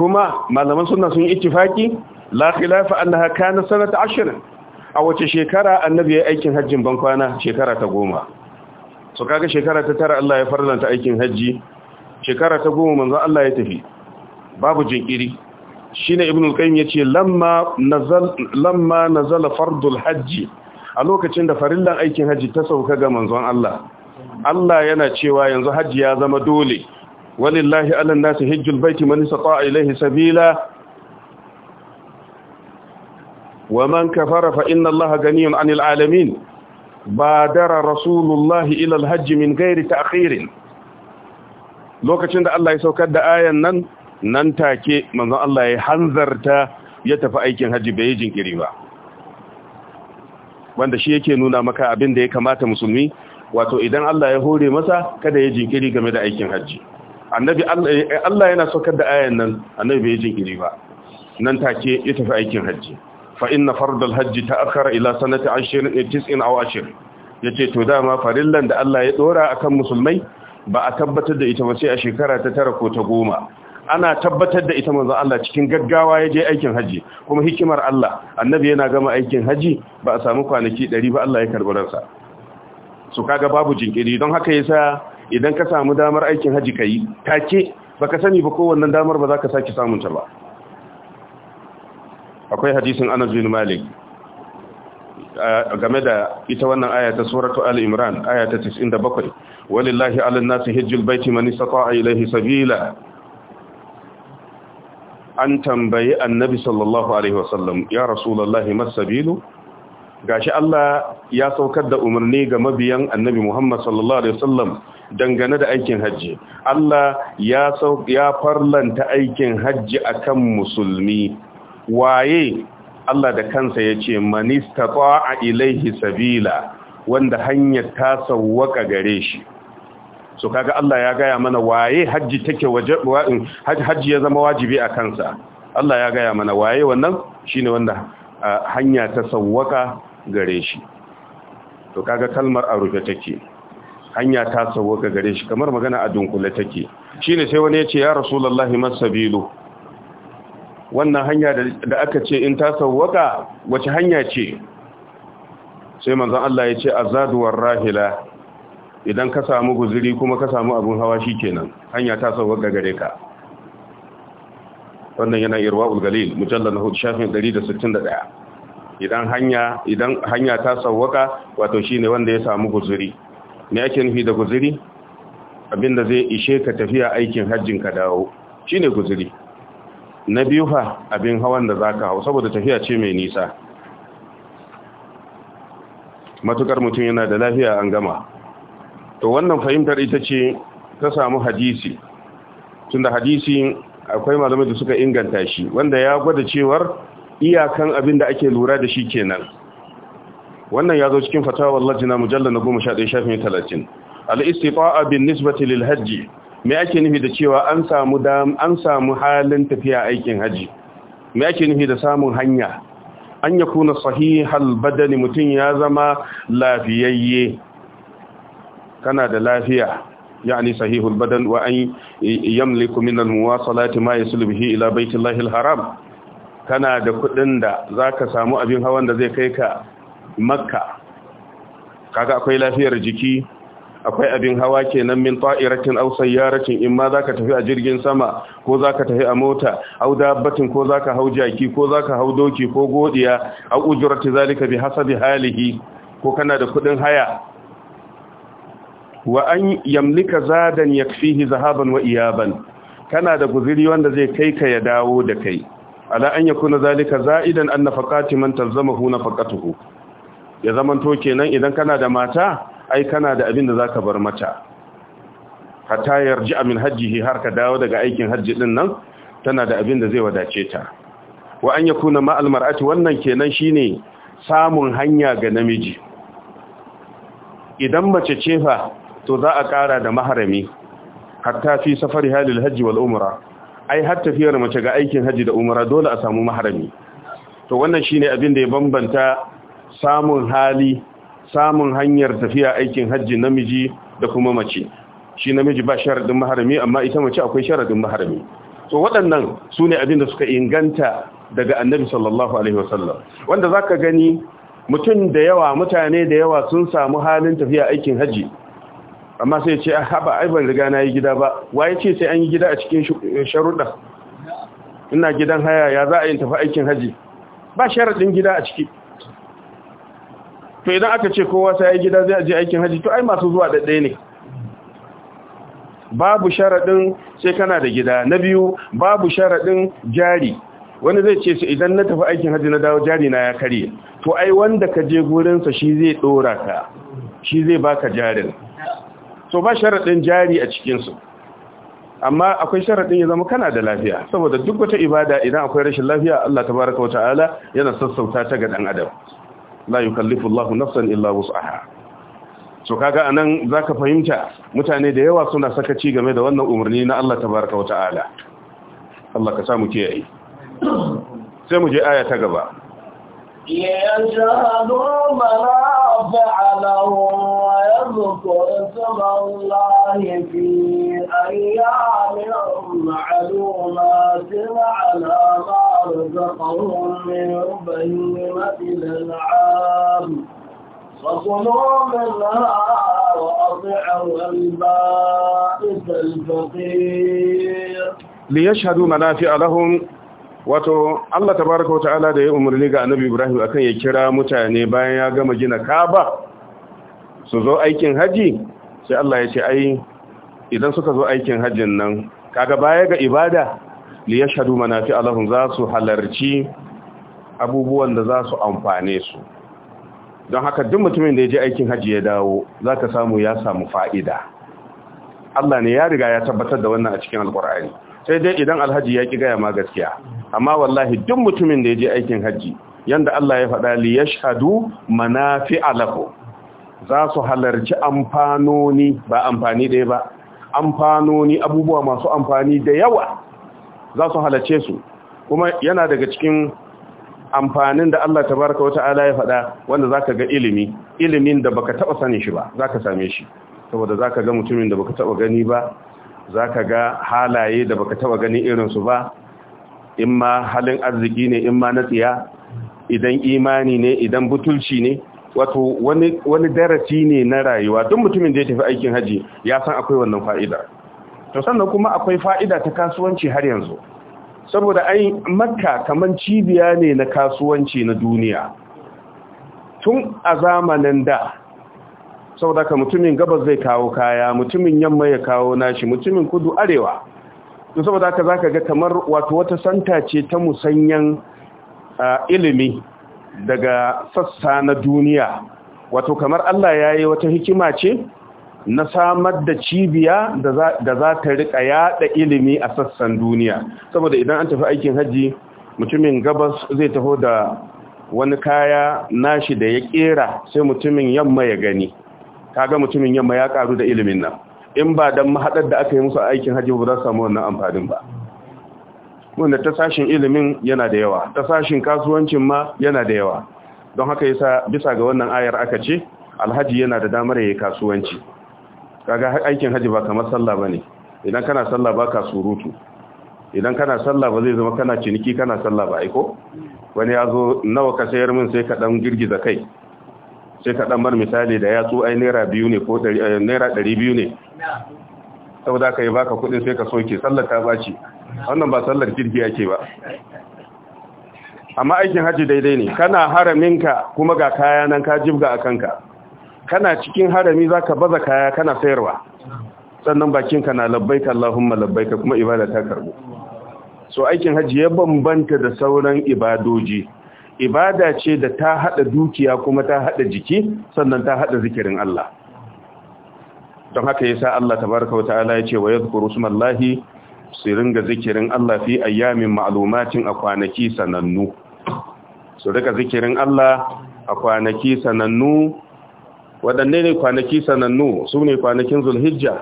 kuma malaman suna sun yi ittifaki la khilafa annaha kana sanata ashirin a wace shekara annabi ya aikin hajjin bankwana shekara ta goma Su kaga shekara ta tara Allah ya farzanta aikin hajji shekara ta goma manzo Allah ya tafi babu jinkiri shine ibn al-qayyim ce lamma nazal lamma nazala fardul hajji a lokacin da farillan aikin hajji ta sauka ga manzon Allah Allah yana cewa yanzu hajji ya zama dole walillahi alannasi hajjul baiti man istata'a ilayhi sabila wa man kafara fa inna allaha ganiyun anil alamin badara rasulullahi ila alhajj min ghairi ta'khir lokacin da Allah ya saukar da ayan nan nan take manzon Allah ya hanzarta ya tafi aikin haji bai jinkiri ba wanda shi yake nuna maka abin da ya kamata musulmi wato idan Allah ya hore masa kada ya jinkiri game da aikin haji annabi Allah yana saukar da ayan nan annabi bai jinkiri ba nan take ya tafi aikin haji fa inna fardal hajji ta'akhkhara ila sanati 29 eh, aw 10 yace to dama farillan da Allah ya dora akan musulmai ba a tabbatar da ita ba sai a shekara ta tara ko ta goma ana tabbatar da ita manzon Allah cikin gaggawa ya je aikin haji kuma hikimar Allah annabi yana gama aikin haji ba a samu kwanaki 100 ba Allah ya karbi ransa su kaga babu jinkiri don haka yasa idan ka samu damar aikin haji kai take baka sani ba kowannan damar ba za ka sake samun ta ba akwai hadisin Anas bin Malik game da ita wannan aya ta suratu al-imran aya ta 97 walillahi 'alan nasi hajjul baiti man istata'a ilayhi sabila an tambayi annabi sallallahu alaihi wasallam ya rasulullahi masabilu gashi Allah ya saukar da umarni ga mabiyan annabi Muhammad sallallahu alaihi wasallam dangane da aikin hajji Allah ya ya farlanta aikin hajji akan musulmi waye Allah da kansa ya ce manistata a ilaihi sabila wanda hanyar ta sauwaka gare shi so kaga Allah ya gaya mana waye hajji take hajji ya zama wajibi a kansa Allah ya gaya mana waye wannan shine wanda hanya ta sauwaka gare shi to kaga kalmar a rufe take hanya ta sauwaka gare shi kamar magana a dunkule take shine sai wani ya ce ya rasulullahi masabilu wannan hanya da aka ce in ta sauwaka wace hanya ce sai manzan Allah ya ce azaduwar rahila idan ka samu guziri kuma ka samu abin hawa shi kenan, hanya ta sauwaka gare ka wannan yana irwa ulgalil mujallar na shafin 161 idan hanya idan hanya ta sauwaka wato shi ne wanda ya samu guziri me ake nufi da guziri abinda zai ishe ka tafiya aikin hajjin ka dawo ne guziri na biyu fa abin hawan da za ka hau saboda tafiya ce mai nisa matukar mutum yana da lafiya an gama to wannan fahimtar ita ce ta samu hadisi tunda hadisi akwai malamai da suka inganta shi wanda ya gwada cewar iyakan abin da ake lura da shi kenan wannan ya zo cikin fatawa lajina mujallar na goma sha ɗaya shafin talatin al-istita'a bin nisbati lil hajji me ake nufi da cewa an samu dam an samu halin tafiya aikin haji me ake nufi da samun hanya an ya kuna sahihal badani mutum ya zama lafiyayye kana da lafiya yani sahihul badan wa an yamliku min almuwasalati ma yasulu ila baitillahi alharam kana da kudin da zaka samu abin hawan da zai kai ka makka kaga akwai lafiyar jiki akwai abin hawa kenan min ta'iratin aw sayyaratin in ma zaka tafi a jirgin sama ko zaka tafi a mota aw dabbatin ko zaka hau jaki ko zaka hau doki ko godiya aw ujrati zalika bi hasabi halihi ko kana da kudin haya wa an yamlika zadan yakfihi zahaban wa iyaban kana da guziri wanda zai kai ka ya dawo da kai ala an yakuna zalika za'idan an nafaqati man talzamahu nafaqatuhu ya zamanto kenan idan kana da mata ai kana da abin da ka bar mata hatta yarji amin hajjihi har ka dawo daga aikin hajji din nan tana da abin da zai wadace ta wa an yakuna ma almar'ati wannan kenan shine samun hanya ga namiji idan mace ce fa to za a ƙara da maharami hatta fi safari halil hajji wal umra ai har tafiyar mace ga aikin hajji da umra dole a samu maharami to wannan shine abin da ya bambanta samun hali samun hanyar tafiya aikin hajji namiji da kuma mace shi namiji ba sharadin maharami amma ita mace akwai sharadin maharami to waɗannan su ne abin da suka inganta daga annabi sallallahu alaihi wasallam wanda zaka gani mutum da yawa mutane da yawa sun samu halin tafiya aikin hajji amma sai ce a ah, haɓa aibar riga na yi gida ba waye ce sai an yi gida a cikin eh, sharuɗa ina gidan haya ya za a yi tafi aikin haji? ba sharaɗin gida a ciki to idan aka ce kowa sai gida zai je aikin haji to ai masu zuwa daɗe ne babu sharaɗin sai kana da gida na biyu babu sharaɗin jari wani zai ce idan na tafi aikin haji na dawo jari na ya karye to ai wanda ka je gurinsa shi zai ɗora ka shi zai baka jarin so ba sharaɗin jari a cikinsu amma akwai sharaɗin ya zama kana da lafiya saboda duk wata ibada idan akwai rashin lafiya Allah tabaraka wata'ala yana sassauta ta ga ɗan adam la yukallifu Allahu nafsan illa wus'aha so kaga anan zaka fahimta mutane da yawa suna sakaci game da wannan umarni na Allah tabaaraka wa ta'ala Allah ka samu kiyaye sai mu je aya ta gaba يشهد منافع لهم ويذكر اسم الله في أيام معلومات على ما رزقهم من بهيمة الأنعام فكلوا منها وأطعوا البائس الفقير ليشهدوا منافع لهم wato Allah tabaraka wa ta'ala da ya umarni ga Annabi Ibrahim akan ya kira mutane bayan ya gama gina Kaaba su zo aikin haji sai Allah ya ce ai idan suka zo aikin hajjin nan kaga baya ga ibada li yashhadu manafi alahum za su halarci abubuwan da za su amfane su don haka duk mutumin da ya je aikin hajji ya dawo za ka samu ya samu fa'ida Allah ne ya riga ya tabbatar da wannan a cikin alkur'ani sai dai idan alhaji ya ki gaya ma gaskiya amma wallahi duk mutumin da ya je aikin hajji yanda Allah ya faɗa li yashhadu fi alaƙo za su halarci amfanoni ba amfani ɗaya ba amfanoni abubuwa masu amfani da yawa za su halace su kuma yana daga cikin amfanin da Allah Ta baraka wata Ala ya faɗa wanda za ka ga ilimi ilimin da baka taɓa sani shi ba za ka same shi saboda ka ga mutumin da baka taɓa gani ba za ka ga halaye da baka taɓa gani irinsu ba, in ma halin arziki ne in na tsiya idan imani ne idan butulci ne wato wani wani darasi ne na rayuwa duk mutumin da ya tafi aikin haji ya san akwai wannan fa'ida to sannan kuma akwai fa'ida ta kasuwanci har yanzu saboda ai makka kaman cibiya ne na kasuwanci na duniya tun a zamanin da saboda ka mutumin gabas zai kawo kaya mutumin yamma ya kawo nashi mutumin kudu arewa to saboda haka zaka ga kamar wato wata santa ce ta musanyan ah, ilimi daga sassa na duniya wato kamar Allah ya yi wata hikima ce na samar da cibiya da za ta rika yada ilimi a sassan duniya saboda idan an tafi aikin hajji mutumin gabas zai taho da wani kaya nashi da ya kera sai mutumin yamma ya gani kaga mutumin yamma ya karu da ilimin nan in ba don mahadar da aka yi musu aikin hajji ba za su samu wannan amfanin ba wanda ta ilimin yana da yawa ta sashin kasuwancin ma yana da yawa don haka yasa bisa ga wannan ayar aka ce alhaji yana da damar yayi kasuwanci kaga aikin haji ba kamar sallah bane idan kana sallah ba ka surutu idan kana sallah ba zai zama kana ciniki kana sallah ba aiko wani ya zo nawa ka sayar min sai ka dan girgiza kai sai ka dan bar misali da yatsu ai naira biyu ne ko eh, naira ɗari biyu ne saboda ka yi baka kuɗin sai ka soke sallah ta baci wannan ba sallar kirki ake ba amma aikin haji daidai ne kana haraminka kuma ga kaya nan ka jibga a kanka kana cikin harami za ka baza kaya kana sayarwa sannan bakinka na labbaika Allahumma labbaika kuma ibada ta karbo. so aikin haji ya bambanta da sauran ibadoji ibada ce da ta haɗa dukiya kuma ta haɗa jiki sannan ta haɗa zikirin Allah don haka yasa Allah tabaraka wa ta'ala ya ce wa yadhkuru smallahi su ringa zikirin Allah fi ayyamin ma'lumatin a kwanaki sanannu su ringa zikirin Allah a kwanaki sanannu waɗanne ne kwanaki sanannu su ne kwanakin zulhijja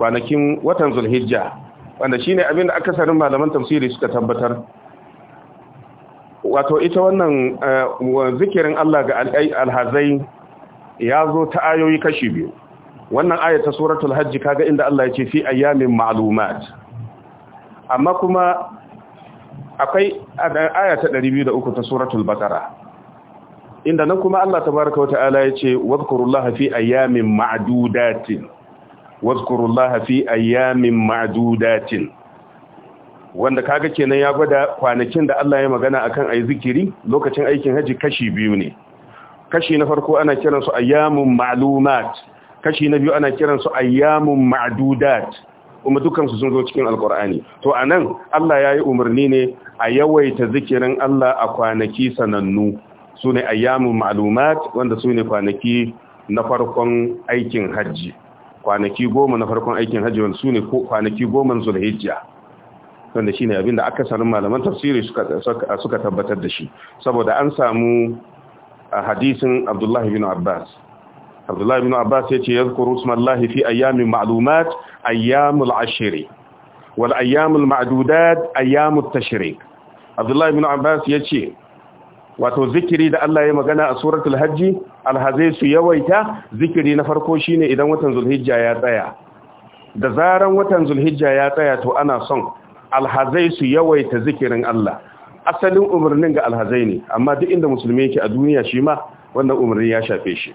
kwanakin watan zulhijja wanda shi ne abin da sarin malaman tamsiri suka tabbatar wato ita wannan eh, zikirin Allah ga alhazai ya zo ta ayoyi kashi biyu wannan aya suratul hajji kaga inda Allah ya ce fi ayyamin ma'lumat amma kuma akwai aya ta 203 ta suratul baqara inda nan kuma Allah tabaaraka wata'ala ya ce wadhkurullaha fi ayyamin ma'dudatin wadhkurullaha fi ayyamin ma'dudatin wanda kaga kenan ya gwada kwanakin da Allah ya magana akan ayi zikiri lokacin aikin haji kashi biyu ne kashi na farko ana kiransu ayyamun ma'lumat kashi na biyu ana kiransu ayyamun ma'dudat kuma dukansu sun zo cikin alkur'ani to anan Allah ya yi umarni ne a yawaita zikirin Allah a kwanaki sanannu su ne ayyamun ma'lumat wanda su ne kwanaki na farkon aikin hajji kwanaki goma na farkon aikin hajji wanda su ne kwanaki goma zulhijja wanda shine abin da aka akasarin malaman tafsiri suka tabbatar da shi saboda an samu hadisin Abdullahi bin Abbas abdullahi bin abbas ya ce yazkuru ismallahi fi ayyamin ma'lumat ayyamul ashiri wal ayyamul ma'dudat ayyamul tashrik abdullahi bin abbas ya ce wato zikiri da Allah ya magana a suratul hajji alhazai su yawaita zikiri na farko shine idan watan zulhijja ya tsaya da zaran watan zulhijja ya tsaya to ana son alhazai su yawaita zikirin Allah asalin umarnin ga alhazai ne amma duk inda musulmi yake a duniya shi ma wannan umarni ya shafe shi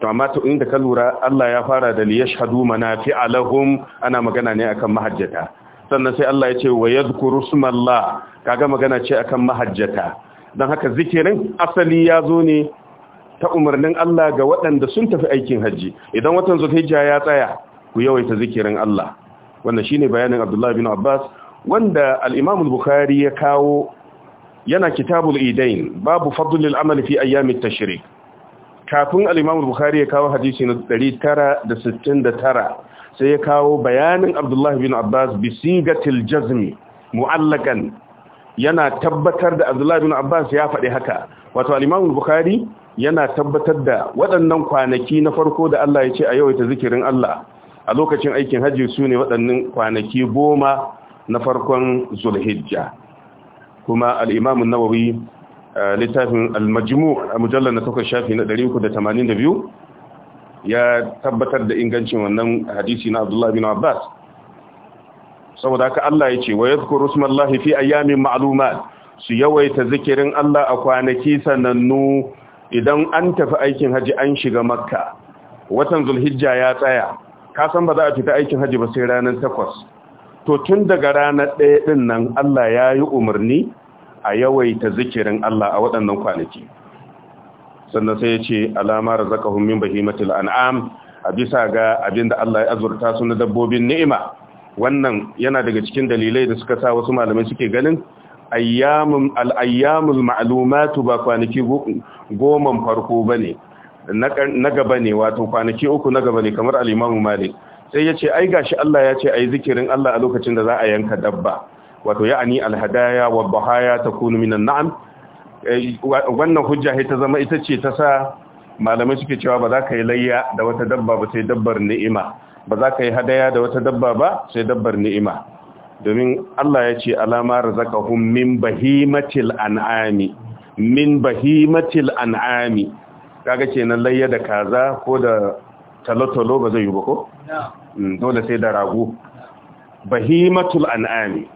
to amma to inda ka lura Allah ya fara da liyashhadu manafi'a lahum ana magana ne akan mahajjata sannan sai Allah ya ce wa yadhkuru smallah kaga magana ce akan mahajjata dan haka zikirin asali ya zo ne ta umarnin Allah ga waɗanda sun tafi aikin haji idan watan zulhijja ya tsaya ku yawaita zikirin Allah wannan shine bayanin Abdullah bin Abbas wanda al-Imam al-Bukhari ya kawo yana kitabul idain babu fadlul amali fi ayyamit tashrik kafin al'imamu Bukhari ya kawo hadisi na 969 sai ya kawo bayanin abdullahi bin abbas bisigatil jazmi mu'allakan yana tabbatar da abdullahi bin abbas ya faɗi haka wato al'imamu Bukhari yana tabbatar da waɗannan kwanaki na farko da Allah ya ce a yawaita zikirin Allah a lokacin aikin hajji su ne waɗannan kwanaki goma na farkon zulhijja kuma al'imamun nawawi littafin al a mujallar na takwas shafi na 382 ya tabbatar da ingancin wannan hadisi na Abdullahi bin Abbas saboda haka Allah ya ce wa yadhkuru lahifi fi ayyamin ma'aluma su yawaita zikirin Allah a kwanaki sanannu idan an tafi aikin haji an shiga makka watan zulhijja ya tsaya kasan san ba za a fita aikin haji ba sai ranar takwas to tun daga ranar ɗaya ɗin nan Allah ya yi umarni a yawaita zikirin Allah a waɗannan kwanaki sannan sai ya ce alama razaqahum min bahimatil an'am a bisa ga abinda Allah ya azurta su na dabbobin ni'ima wannan yana daga cikin dalilai da suka sa wasu malamai suke ganin ayyamun al ba kwanaki goman farko bane na gaba ne wato kwanaki uku na gaba ne kamar al-Imam Malik sai ya ce ai gashi Allah ya ce ai zikirin Allah a lokacin da za a yanka dabba wato ya'ani alhadaya wa bahaya ta kunu minan na'am eh, wannan hujja ta zama ita ce ta sa malamai suke cewa ba za ka yi layya da wata dabba ba sai dabbar ni'ima ba za ka yi hadaya da wata dabba ba sai dabbar ni'ima domin Allah ya ce alama razaqahum min bahimatil an'ami min bahimatil an'ami kaga kenan layya da kaza ko da talotolo ba zai yi ba ko hmm, dole sai da rago bahimatul an'ami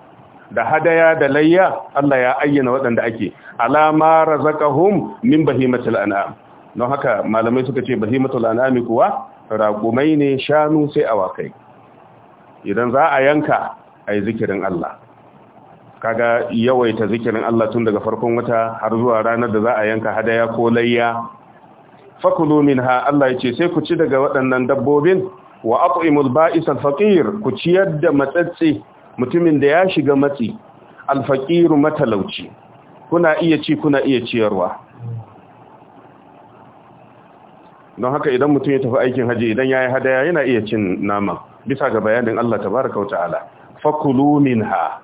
da hadaya da layya Allah ya ayyana waɗanda ake alama razaqahum min bahimatil an'am don haka malamai suka ce bahimatul an'am kuwa raqumai ne shanu sai awakai idan za a yanka ai zikirin Allah kaga yawaita zikirin Allah tun daga farkon wata har zuwa ranar da za a yanka hadaya ko layya fakulu minha Allah ce sai ku ci daga waɗannan dabbobin wa at'imul al faqir ku ciyar da matsatsi mutumin da ya shiga matsi alfaƙiru matalauci kuna iya ci kuna iya ciyarwa don haka idan mutum ya tafi aikin haji idan ya yi hadaya yana iya cin nama bisa ga bayanin Allah Ta tabaaraka wa ta'ala fakulu minha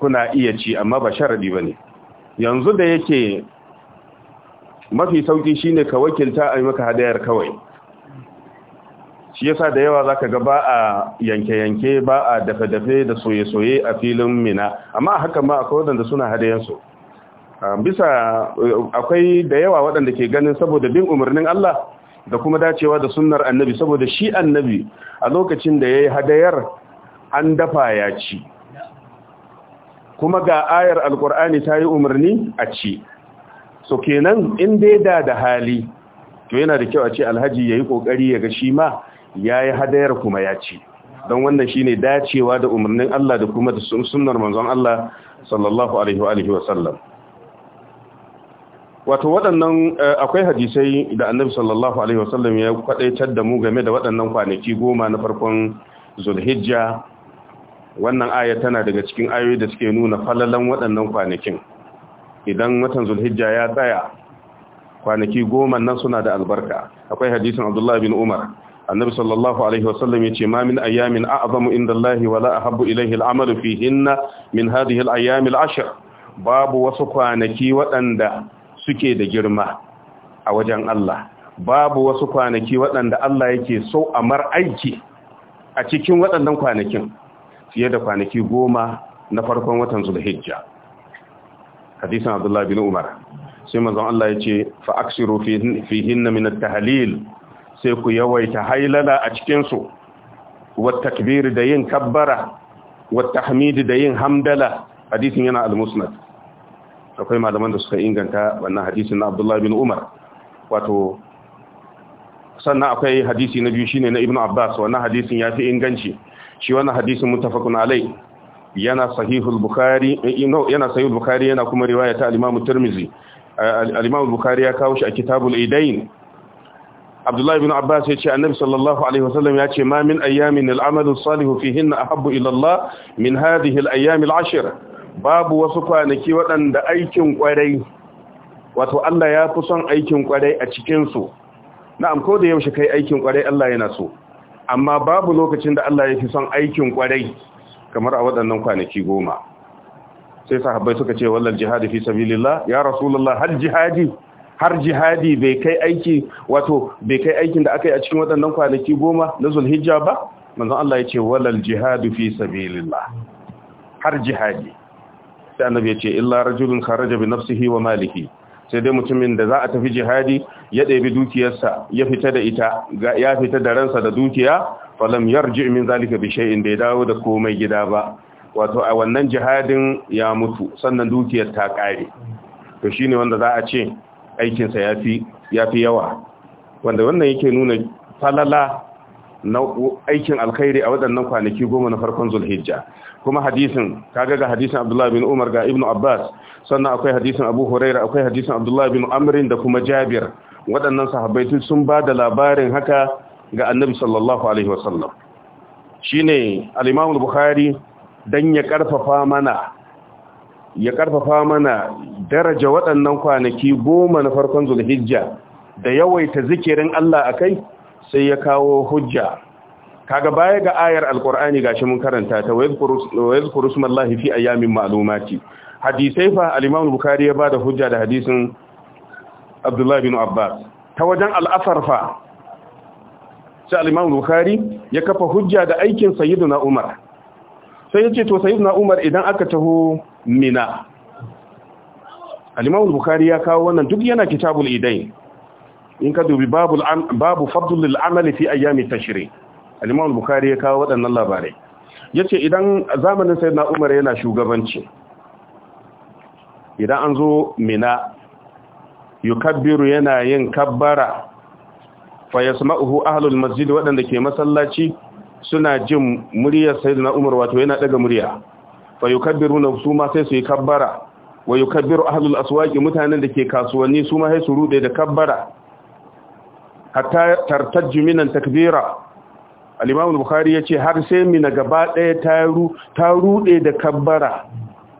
kuna iya ci amma ba sharadi ne. yanzu da yake mafi sauki shine ka wakilta a yi maka hadayar kawai shi yasa da yawa zaka ga ba a yanke-yanke ba a dafe-dafe da soye-soye a filin mina amma haka ma akwai waɗanda suna hadayensu bisa akwai da yawa waɗanda ke ganin saboda bin umarnin Allah da kuma dacewa da sunnar annabi saboda shi annabi a lokacin da ya yi hadayar an dafa ya ci kuma ga ayar alkur'ani ta yi umarni a ci so kenan in dai da da hali to yana da kyau a ce alhaji ya yi kokari ya ga shi ma ya yi hadayar kuma ya ce, don wannan shi ne dacewa da umarnin Allah da kuma da sunar manzon Allah sallallahu alaihi wa wato waɗannan eh, akwai hadisai da annabi sallallahu alaihi wa sallam ya kwadaitar da mu game da waɗannan kwanaki goma na farkon zulhijja wannan aya tana daga cikin ayoyi da suke nuna falalan waɗannan kwanakin idan watan zulhijja ya tsaya kwanaki goma nan suna da albarka akwai hadisin abdullahi bin umar annabi sallallahu alaihi wasallam yace ma min ayamin a'zamu inda Allah wala ahabbu ilayhi al'amalu fihinna min hadhihi al-ayam al-ashr babu wasu kwanaki waɗanda suke da girma a wajen Allah babu wasu kwanaki waɗanda Allah yake so a mar aiki a cikin waɗannan kwanakin fiye da kwanaki goma na farkon watan Zulhijja hadisin Abdullah bin Umar sai manzon Allah yace fa aksiru fihinna min at-tahlil sai ku yawaita hailala a cikinsu wata takbir da yin kabbara wata hamidi da yin hamdala hadisin yana al-musnad akwai malaman da suka inganta wannan hadisin na abdullahi bin umar wato sannan akwai hadisi na biyu shine na ibnu abbas wannan hadisin ya fi inganci shi wannan hadisin muttafaqun alai yana sahihul bukhari eh, yana sahihul bukhari yana kuma riwaya ta al-imam tirmidhi al-imam bukhari ya kawo shi a kitabul idain abdullahi bin abbas ya ce annabi sallallahu alaihi wasallam ya ce ma min ayyamin al'amalu salihu fihin ahabbu ila Allah min hadhihi al-ayyam al-ashr babu wasu kwanaki waɗanda aikin kwarai wato Allah ya fi son aikin kwarai a cikin su na'am ko da yaushe kai aikin kwarai Allah yana so amma babu lokacin da Allah ya fi son aikin kwarai kamar a waɗannan kwanaki goma sai sahabbai suka ce wallal jihadi fi sabilillah ya rasulullah hal jihadi har jihadi bai kai aiki wato bai kai aikin da aka yi a cikin waɗannan kwanaki goma na zulhijja ba manzon Allah ya walal jihadu fi sabilillah har jihadi sai annabi ya ce illa rajulun kharaja bi nafsihi wa malihi sai dai mutumin da za a tafi jihadi ya ɗebi dukiyarsa ya fita da ita ya fita da ransa da dukiya falam yarji min zalika bi shay'in bai dawo da komai gida ba wato a wannan jihadin ya mutu sannan dukiyar ta kare to shine wanda za a ce aikinsa ya fi yawa wanda wannan yake nuna falala na aikin alkhairi a waɗannan kwanaki goma na farkon zulhijja kuma hadisin kaga ga hadisin abdullahi bin umar ga ibnu abbas sannan akwai hadisin abu huraira akwai hadisin abdullahi bin amrin da kuma jabir waɗannan sahabbai sun ba da labarin haka ga annabi sallallahu alaihi wasallam shine al-imam al-bukhari dan ya karfafa mana ya karfafa mana daraja waɗannan kwanaki goma na farkon zulhijja da yawaita zikirin Allah a kai sai ya kawo hujja kaga baya ga ayar alkur'ani gashi mun karanta ta wayzkuru smallahi fi ayyamin ma'lumati hadisai fa al bukari bukhari ya da hujja da hadisun Abdullahi bin abbas ta wajen al fa sai al bukari bukhari ya kafa hujja da aikin sayyiduna umar sai yace to sayyiduna umar idan aka taho mina Alimawul Bukari ya kawo wannan duk yana kitabul idain in ka dubi babu babu fadlul amali fi ayami tashri Alimawul Bukari ya kawo waɗannan labarai yace idan zamanin sayyidina umar yana shugabanci idan an zo mina yukabbiru yana yin kabbara fa yasma'uhu ahlul masjid waɗanda ke masallaci suna jin muryar sayyidina umar wato yana ɗaga murya fa na su ma sai su yi kabbara wa yukabbiru ahlul aswaqi mutanen da ke kasuwanni su ma sai su rude da kabbara hatta tartajju minan takbira al-imam al-bukhari yace har sai na gaba daya ta ta rude da kabbara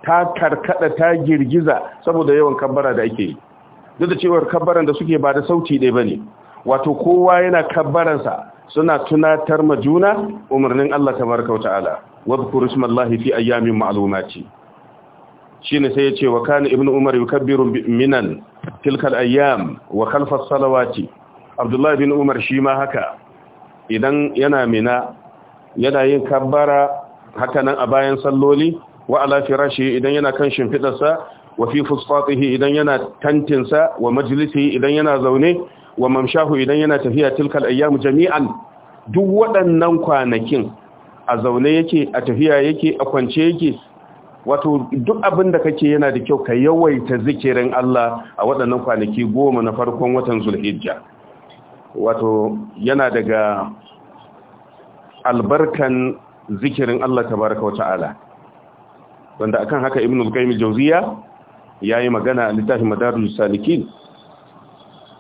ta karkada ta girgiza saboda yawan kabbara da ake yi duk da cewar kabbaran da suke ba da sauti dai bane wato kowa yana kabbaransa suna tunatar ma juna umarnin Allah tabaraka wa ta'ala wadhkur ismallahi fi ayyamin ma'lumati shine sai yace wa kana ibnu umar yukabbiru minan tilkal ayyam wa khalfa salawati abdullah ibn umar shi ma haka idan yana mina yana yin kabbara haka nan a bayan salloli wa ala firashi idan yana kan shimfidarsa wa fi fusfatihi idan yana tantinsa wa majlisi idan yana zaune wa mamshahu idan yana tafiya tilkal ayyam. jami'an duk waɗannan kwanakin a zaune yake a tafiya yake a kwance yake wato duk abin da kake yana da kyau ka yawaita zikirin Allah a waɗannan kwanaki goma na farkon watan zulhijja wato yana daga albarkan zikirin Allah tabaraka wa ta'ala wanda akan haka ibn al-qayyim al-jawziya yayi magana a littafin madarul salikin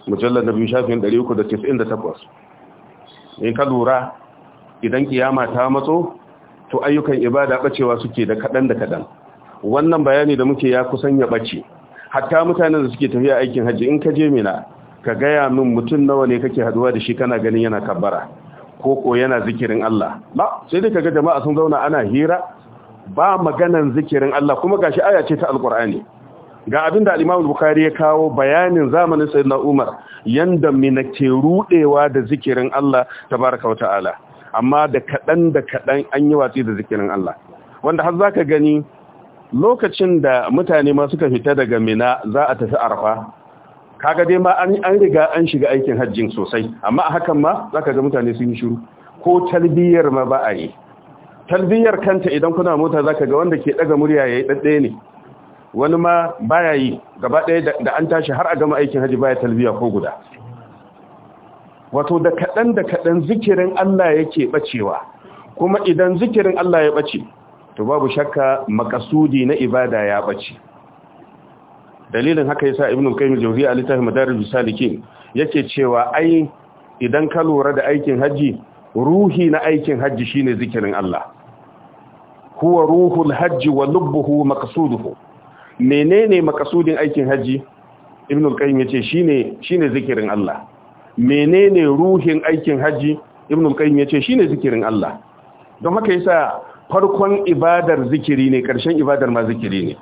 mujallad nabiy shafin 398 in ka lura idan kiyama ta matso to ayyukan ibada bacewa suke da kadan da kadan wannan bayani da muke ya kusan ya bace hatta mutanen da suke tafiya aikin haji in ka je mina ka gaya min mutum nawa ne kake haduwa da shi kana ganin yana kabbara ko ko yana zikirin Allah ba sai dai kaga jama'a sun zauna ana hira ba maganan zikirin Allah kuma gashi aya ce ta alqur'ani ga abin da al-Imam Bukhari ya kawo bayanin zamanin Sayyidina Umar yanda mina ke rudewa da zikirin Allah tabaaraka ta'ala amma da kaɗan da kaɗan an yi watsi da zikirin Allah wanda har za ka gani lokacin da mutane ma suka fita daga mina za a tafi arfa kaga dai ma an riga an shiga aikin hajjin sosai amma a hakan ma za ka ga mutane sun yi shiru ko talbiyar ma ba a yi talbiyar kanta idan kuna mota za ka ga wanda ke ɗaga murya ya yi ɗaɗɗe ne wani ma ya yi gaba ɗaya da an tashi har a gama aikin hajji baya talbiya ko guda wato da kaɗan da kaɗan zikirin Allah yake ɓacewa kuma idan zikirin Allah ya ɓace to babu shakka makasudi na ibada ya ɓace dalilin haka yasa ibnu qayyim jawzi a al madarij salikin yake cewa ai idan ka lura da aikin haji ruhi na aikin haji shine zikirin Allah huwa ruhul hajji wa lubbuhu maqsuduhu menene makasudin aikin haji ibnu qayyim yace shine shine zikirin Allah menene ruhin aikin haji ibn ya qayyim yace shine zikirin Allah don haka yasa farkon ibadar zikiri ne karshen ibadar ma zikiri ne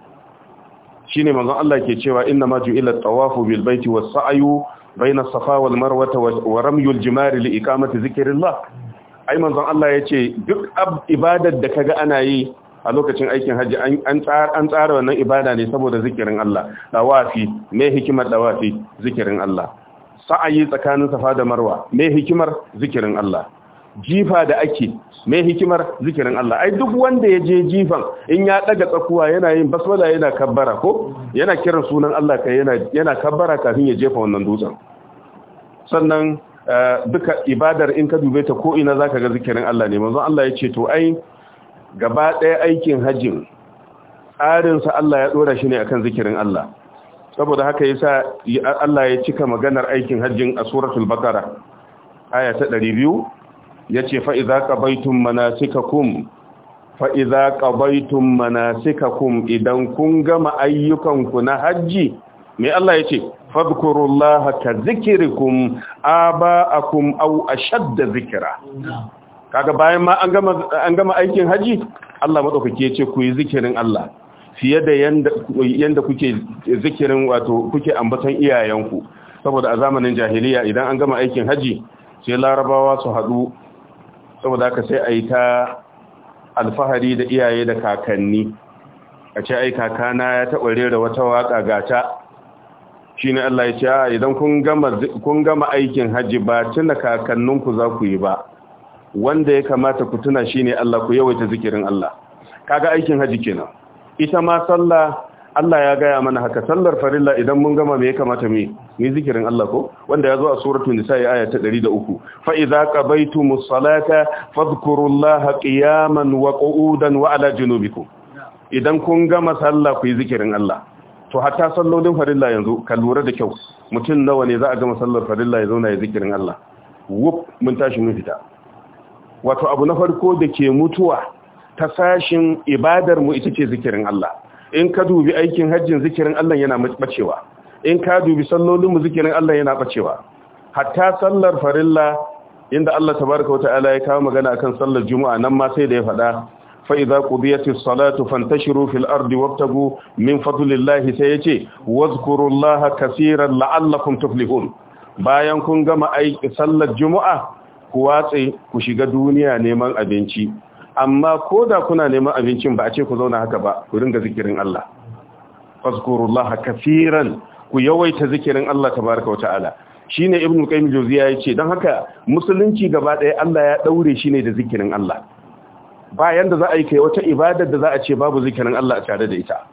shine manzon Allah ke cewa inna ma ju'ila tawafu bil baiti was-sa'yu bayna safa wal marwa wa ramyul jimari li iqamati zikrillah ai manzon Allah yace duk ibadar da kaga ana yi a lokacin aikin hajji an tsara wannan ibada ne saboda zikirin Allah dawafi me hikimar dawafi zikirin Allah sa'ayi tsakanin safa da marwa mai hikimar zikirin Allah jifa da ake mai hikimar zikirin Allah ai duk wanda ya je jifan in ya daga tsakuwa yana yin basmala yana kabbara ko yana kiran sunan Allah kai yana yana kabbara kafin ya jefa wannan dutsen sannan eh, duka ibadar in ka dube ta ko ina zaka ga zikirin Allah ne manzon Allah ya ce to ai gaba ɗaya aikin hajjin tsarin sa Allah ya dora shi ne akan zikirin Allah saboda haka yasa Allah ya cika maganar aikin hajjin a suratul baqara aya ta 200 yace fa idza qabaitum manasikakum fa idza qabaitum manasikakum idan kun gama ayyukanku na hajji me Allah yace fadhkurullaha ka zikrikum aba'akum aw ashadda zikra kaga bayan ma an gama an gama aikin hajji Allah madaukake yace ku yi zikirin Allah fiye da yadda kuke zikirin wato kuke ambatan iyayenku saboda a zamanin jahiliya idan an gama aikin haji sai larabawa su haɗu saboda haka sai a yi ta alfahari da iyaye da kakanni a ce ai kakana ya taɓa rera wata waka gata shi ne Allah ya ce a idan kun gama aikin haji ba tuna kakanninku za ku yi ba wanda ya kamata ku tuna shi ne Allah ku yawaita zikirin Allah kaga aikin haji kenan ita ma sallah Allah ya gaya mana haka sallar farilla idan mun gama me ya kamata mu yi zikirin Allah ko wanda ya zo a suratul nisa aya ta 103 fa idza qabaitum salata fadhkurullaha qiyaman wa qu'udan wa ala junubikum idan kun gama sallah ku yi zikirin Allah to hatta sallolin farilla yanzu ka lura da kyau mutum nawa ne za a gama sallar farilla ya zauna ya zikirin Allah mun tashi mun fita wato abu na farko da ke mutuwa ta sashin ibadar mu ita ce zikirin Allah in ka dubi aikin hajjin zikirin Allah yana bacewa in ka dubi sallolin mu zikirin Allah yana bacewa hatta sallar farilla inda Allah tabaraka wa ta'ala ya kawo magana akan sallar juma'a nan ma sai da ya faɗa fa idza qudiyatis salatu fantashiru fil ardi wabtagu min fadlillahi sai yace wazkurullaha kaseeran la'allakum tuflihun bayan kun gama aiki sallar juma'a ku watse ku shiga duniya neman abinci amma ko da kuna neman abincin ba a ce ku zauna haka ba ku dinga zikirin Allah fazkurullah kafiran ku yawaita zikirin Allah tabaraka wa ta'ala shine ibnu qayyim ya yace dan haka musulunci gaba ɗaya Allah ya daure shi ne da zikirin Allah ba yanda za a yi kai wata ibadar da za a ce babu zikirin Allah a tare da ita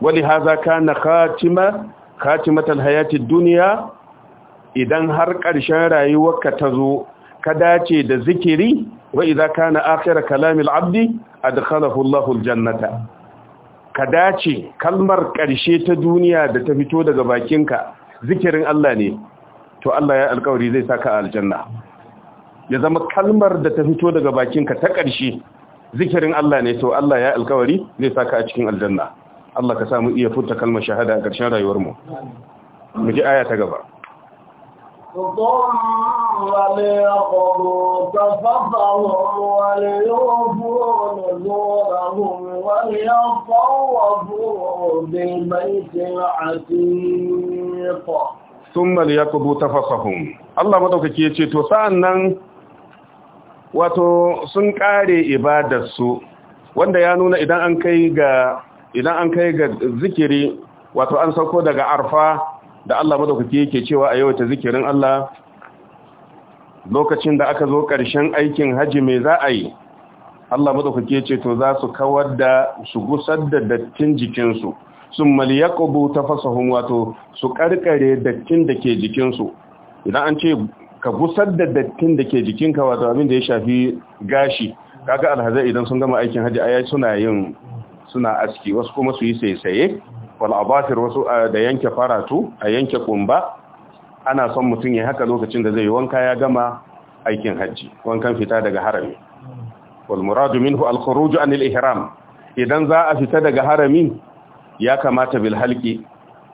wali haza kana khatima khatimatul hayatid dunya idan har ƙarshen rayuwarka ta zo ka dace da zikiri wa idza kana akhir kalamil abdi adkhalahu Allahu aljannata ka dace kalmar karshe ta duniya da ta fito daga bakinka zikirin Allah ne to Allah ya alƙawari zai saka aljanna ya zama kalmar da ta fito daga bakinka ta ƙarshe zikirin Allah ne to Allah ya alƙawari zai saka a cikin aljanna Allah ka samu iya furta kalmar shahada a ƙarshen rayuwarmu mu ji aya ta gaba Sunmali ya kubu ta fasahun, Allah mataukwa ke ce, To, sa’an nan wato sun ƙare ibadarsu, wanda ya nuna idan an kai ga zikiri, wato an sauko daga arfa da Allah madaukaki yake cewa a ta zikirin Allah lokacin da aka zo ƙarshen aikin haji mai za a yi Allah madaukaki ce to za su kawar da su gusar da dattin jikinsu sun maliyakubu ta fasahun wato su karkare dattin da ke jikinsu idan an ce ka gusar da dattin da ke jikinka wato abin da ya shafi gashi kaga alhazai idan sun gama aikin hajji ayi suna yin suna aski wasu kuma su yi saisaye wal abasir wasu da yanke faratu a yanke kumba ana son mutum ya haka lokacin da zai yi wanka ya gama aikin hajji wankan fita daga harami wal muradu minhu al khuruj an al ihram idan za a fita daga harami ya kamata bil halqi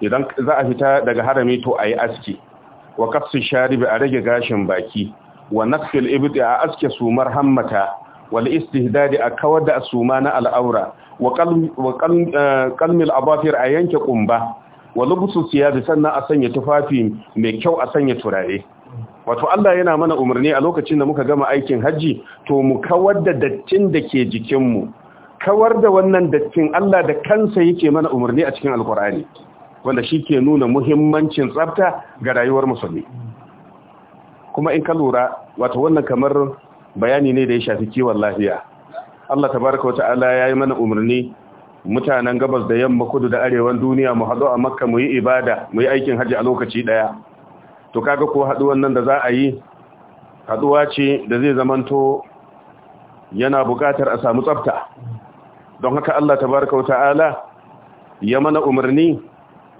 idan za a fita daga harami to ayi aski wa kafsu sharibi a rage gashin baki wa naqfil ibti a aske sumar hammata wal istihdadi a kawar da suma na al'aura wa eh, kalmil abafir a yanke kumba wa lubsu siyadi sannan a sanya tufafi mai kyau a sanya turare wato Allah yana mana umarni a lokacin da muka gama aikin hajji to mu kawar da dattin da ke jikin mu kawar da wannan dattin Allah da kansa yake mana umarni a cikin alkur'ani wanda shi ke nuna muhimmancin tsafta ga rayuwar musulmi kuma in ka lura wato wannan kamar bayani ne da ya shafi kiwon lafiya Allah tabaraka wata'ala ya yi mana umarni mutanen gabas da yamma kudu da arewan duniya mu haɗu a makka mu yi ibada mu yi aikin haji a lokaci daya to kaga ko haɗuwan nan da za a yi haɗuwa ce da zai zamanto yana buƙatar a samu tsafta don haka Allah tabaraka wata'ala ya mana umarni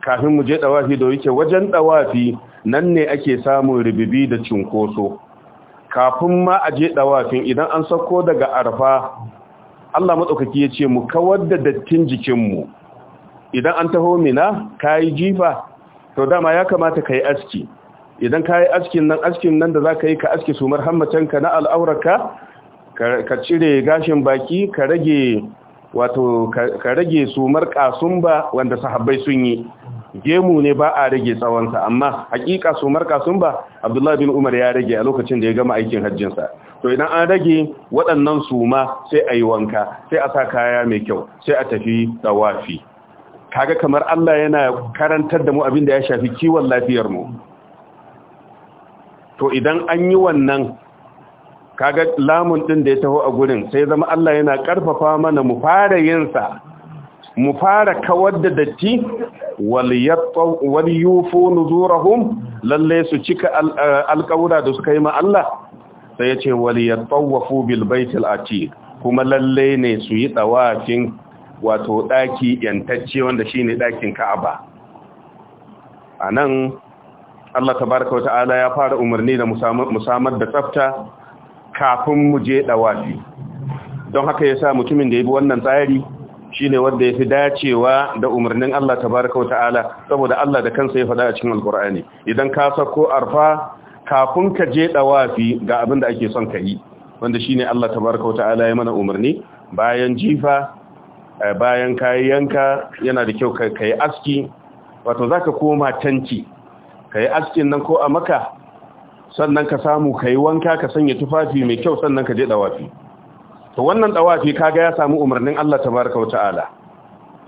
kafin mu je ɗawafi da yake wajen ɗawafi nan ne ake samun ribibi da cunkoso kafin ma a je ɗawafin, idan an sauko daga arfa Allah matsaukaki ya ce mu kawar da dattin jikinmu idan an taho mina ka yi jifa to dama ya kamata ka yi aski idan ka yi askin nan askin nan da za ka yi ka aski sumar marhammacinka na al'aurarka ka cire gashin baki ka rage wato ka rage sumar kasumba wanda sahabbai sun yi gemu ne ba a rage tsawonsa amma hakika su marka sun ba abdullahi bin umar ya rage a lokacin da ya gama aikin hajjinsa to idan an rage waɗannan su ma sai a yi wanka sai a sa kaya mai kyau sai a tafi tsawafi kaga kamar Allah yana karantar da mu abin da ya shafi kiwon lafiyar mu to idan an yi wannan kaga lamun ɗin da ya taho a gurin sai zama Allah yana karfafa mana mu fara yinsa mu fara kawar da datti wal nuzurahum lalle su cika eh, alƙawura da suka yi ma Allah sai ya ce wal bil baitil atiq kuma lalle ne su yi tsawafin wato daki yantacce wanda shine dakin Ka'aba anan Allah tabaraka wata'ala ya fara umarni da musamar da tsafta kafin mu je dawafi don haka yasa mutumin da yi wannan tsari Shi ne wanda ya fi dacewa da umarnin Allah tabaraka wa ta'ala saboda Allah da kansa ya faɗa a cikin alkur'ani idan ka sako arfa kafin ka je dawafi ga abin da ake son ka yi wanda shi ne Allah tabaraka wa ta'ala ya mana umarni bayan jifa eh, bayan kayi yana da kyau ka yi aski wato za ka koma tanki ka yi askin nan ko a maka sannan ka samu ka yi wanka ka sanya tufafi mai kyau sannan ka je dawafi to wannan dawafi kaga ya samu umarnin Allah tabaraka wa ta'ala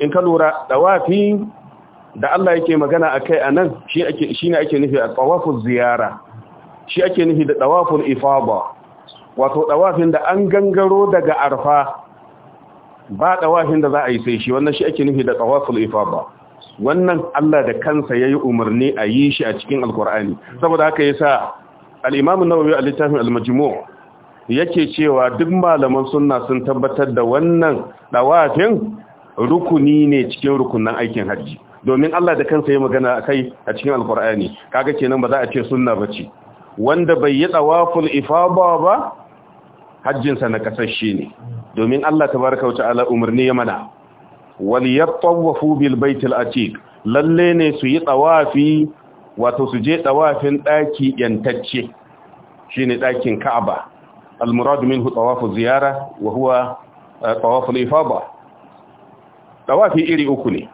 in ka lura dawafi da Allah yake magana akai anan shi ake ne ake nufi a ziyara shi ake nufi da tawaful ifada wato dawafin da an gangaro daga arfa ba dawafin da za a yi sai shi wannan shi ake nufi da tawaful ifada wannan Allah da kansa yayi umarni a yi shi a cikin alqur'ani saboda haka yasa al-imam an-nawawi a littafin al-majmu' yake cewa duk malaman sunna sun tabbatar da wannan dawafin rukuni ne cikin rukunan aikin hajji domin Allah da kansa ya magana akai a cikin alkur'ani kaga kenan ba za a ce sunna bace wanda bai yi tawaful ifaba ba hajjin sa na kasashe ne domin Allah wa ta'ala umarni ya mana wal yatawafu bil baitil atiq lalle ne su yi tawafi wato su je tawafin daki yantacce shine dakin Ka'aba المراد منه طواف الزيارة وهو طواف الإفاضة طواف إيري أكني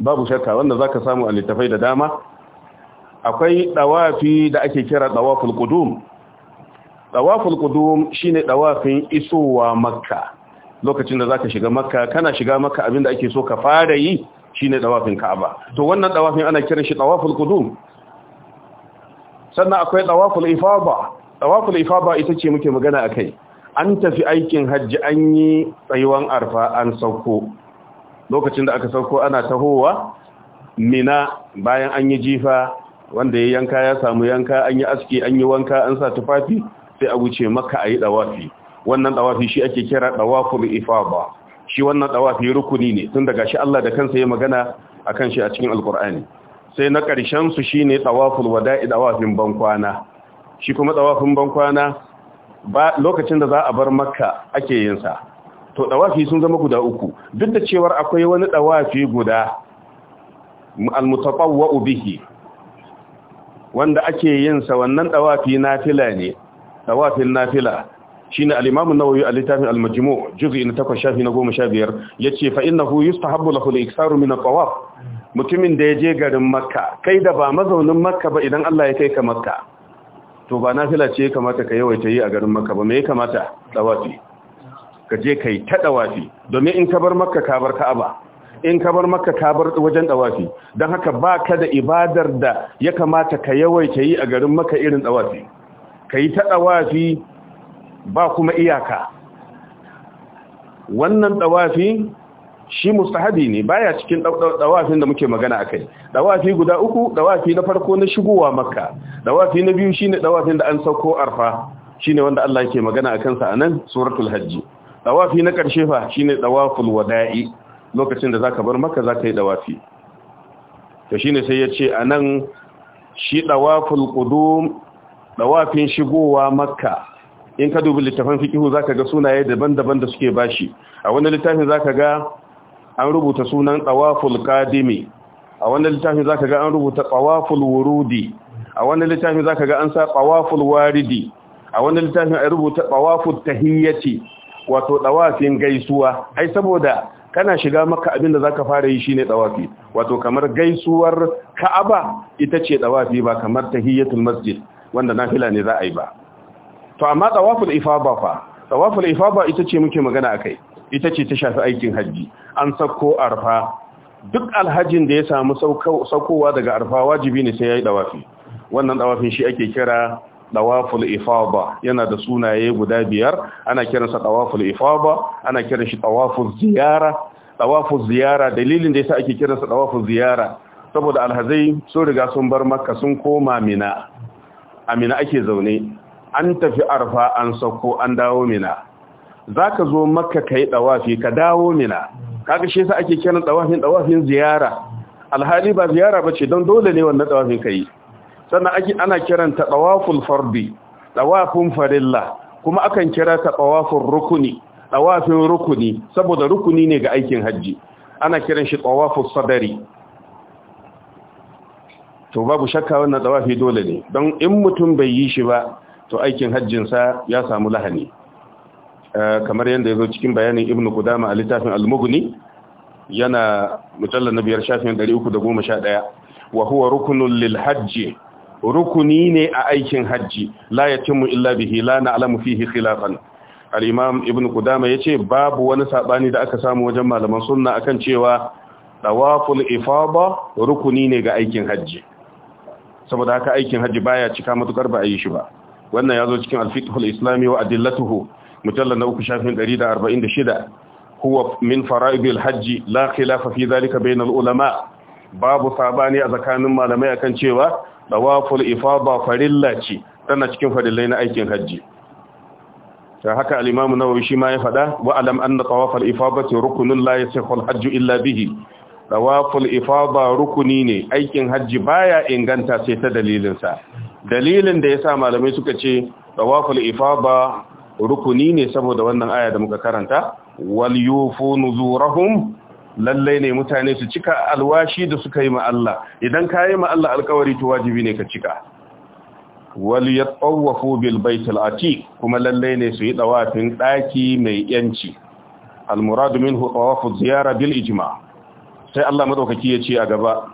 babu shakka wanda zaka samu a da dama akwai dawafi da ake kira dawaful qudum dawaful qudum shine dawafin isowa makka lokacin da zaka shiga makka kana shiga makka abinda ake so ka fara yi shine dawafin ka'aba to wannan dawafin ana kiran shi dawaful qudum sannan akwai dawaful ifada tawaful ifada ita ce muke magana akai an tafi aikin hajji an yi tsayuwan arfa an sauko lokacin da aka sauko ana tahowa mina bayan an yi jifa wanda ya yanka ya samu yanka an yi aski an yi wanka an sa tufafi sai a wuce maka a yi dawafi wannan dawafi shi ake kira dawaful ifada shi wannan dawafi rukuni ne tun daga shi Allah da kansa ya magana akan shi a cikin alkur'ani sai na karshen su shine tawaful wada'i dawafin bankwana shi kuma tsawafin bankwana ba lokacin da za a bar makka ake yinsa. to tsawafi sun zama guda uku duk da cewar akwai wani tsawafi guda al-mutatawwa wanda ake yinsa sa wannan na fila ne tsawafin nafila shine al-Imam an-Nawawi a littafin al-Majmu' juz'i na 8 shafi na 15 yace fa innahu yustahabbu lahu al-iksaru min at-tawaf mutumin da ya je garin Makka kai da ba mazaunin Makka ba idan Allah ya kai ka Makka to ba nafila ce kamata ka yawaita yi a garin maka ba me kamata dawafi ka je kai ta dawafi domin in ka bar makka ka bar ka'aba in ka bar makka ka bar wajen dawafi don haka ba ka da ibadar da ya kamata ka yawaita yi a garin maka irin dawafi ka yi ta dawafi ba kuma iyaka wannan dawafi shi mustahabi ne baya cikin dawafin da muke magana akai dawafi guda uku dawafi na farko na shigowa makka dawafi na biyu shine dawafin da an sauko arfa shine wanda Allah yake magana akan sa anan suratul hajj dawafi na karshe fa shine dawaful wada'i lokacin da zaka bar makka zaka yi dawafi to shine sai yace anan shi dawaful qudum dawafin shigowa makka in ka dubi littafin fikihu zaka ga sunaye daban-daban da suke bashi a wani littafin zaka ga an rubuta sunan tsawaful kadimi a wannan littafin zaka ga an rubuta tsawaful wurudi a wannan littafin zaka ga an sa tsawaful waridi a wannan littafin an rubuta tsawaful tahiyyati wato tsawafin gaisuwa ai saboda kana shiga maka abin da zaka fara yi shine tsawafi wato kamar gaisuwar ka'aba ita ce tsawafi ba kamar tahiyyatul masjid wanda nafila ne za a yi ba to amma tsawaful ifaba fa tsawaful ifaba ita ce muke magana akai ita ce ta shafi aikin hajji an sako arfa duk alhajin da ya samu saukowa daga arfa wajibi ne sai ya yi dawafi wannan dawafin shi ake kira dawaful ifaba yana da sunaye guda biyar ana kiransa dawaful ifaba ana kiran shi dawaful ziyara dawaful ziyara dalilin da yasa ake kiransa dawaful ziyara saboda alhazai sun riga sun bar makka sun koma mina a mina ake zaune an tafi arfa an sauko an dawo mina Za ka zo makka yi ɗawafi ka dawo mina kaga shi yasa ake kiran ɗawafin ɗawafin ziyara alhali ba ziyara ba ce don dole ne wannan ka yi sannan ake ana kiran ta ɗawafin farbi ɗawafin farilla kuma akan kira ta ɗawafin rukuni ɗawafin rukuni saboda rukuni ne ga aikin hajji. ana kiran shi ɗawafin sadari to babu shakka wannan dawafi dole ne don in mutum bai yi shi ba to aikin hajjinsa ya samu lahani Eh, kamar yadda ya zo cikin bayanin ibnu kudama a littafin al-mughni yana mujallar na biyar shafin 311 wa huwa rukunin lil hajji rukuni ne a aikin hajji la yatimmu illa bihi la alamu fihi khilafan al-imam ibnu kudama ya ce babu wani saɓani da aka samu wajen malaman sunna akan cewa dawaful ifada rukuni ne ga aikin hajji saboda haka aikin hajji baya cika matukar ba a yi shi ba wannan ya zo cikin al-fiqh al-islami wa adillatuhu mujallar na uku shafin 146 huwa min fara'idil hajji la khilafa fi zalika bainal ulama babu sabani a tsakanin malamai akan cewa dawaful ifada farilla ce tana cikin farillai na aikin hajji ta haka al-imam nawawi shi ma ya fada wa alam anna tawaful ifadati rukunun la yasihul hajju illa bihi dawaful ifada rukuni ne aikin hajji baya inganta sai ta dalilin sa dalilin da yasa malamai suka ce dawaful ifada rukuni ne saboda wannan aya da muka karanta wal yufu nuzurahum lallai ne mutane su cika alwashi da suka yi ma Allah idan ka yi ma Allah alkawari to wajibi ne ka cika wal yatawafu bil baitil atiq kuma lallai ne su yi dawafin daki mai yanci al murad minhu tawafu ziyara bil ijma sai Allah madaukaki ya ce a gaba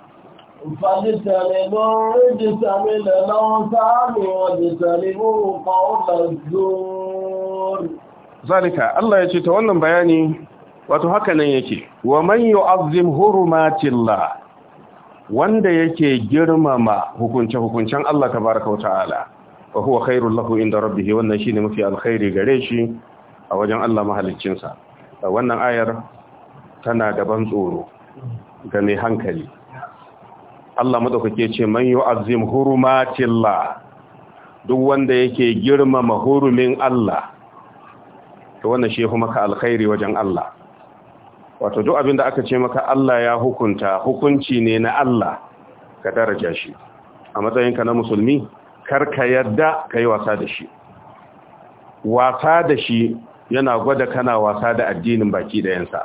zalika allah ya ce ta Zalika bayani ya ce ta wannan wato haka nan yake wa man yu'azzim hurumatillah wanda yake girmama hukunce hukuncen Allah baraka wa ta'ala wa huwa khairul lahu inda wannan shine mafi alkhairi gare shi a wajen Allah mahaliccinsa wannan ayar tana da tsoro ga mai hankali Allah madaukake ce man yu'azzim hurumatillah duk wanda yake girmama hurumin Allah to wannan shehu maka alkhairi wajen Allah wato duk abin da aka ce maka Allah ya hukunta hukunci ne na Allah ka daraja shi a matsayin ka na musulmi kar ka yadda ka yi wasa da shi wasa da shi yana gwada kana wasa da addinin baki da yansa.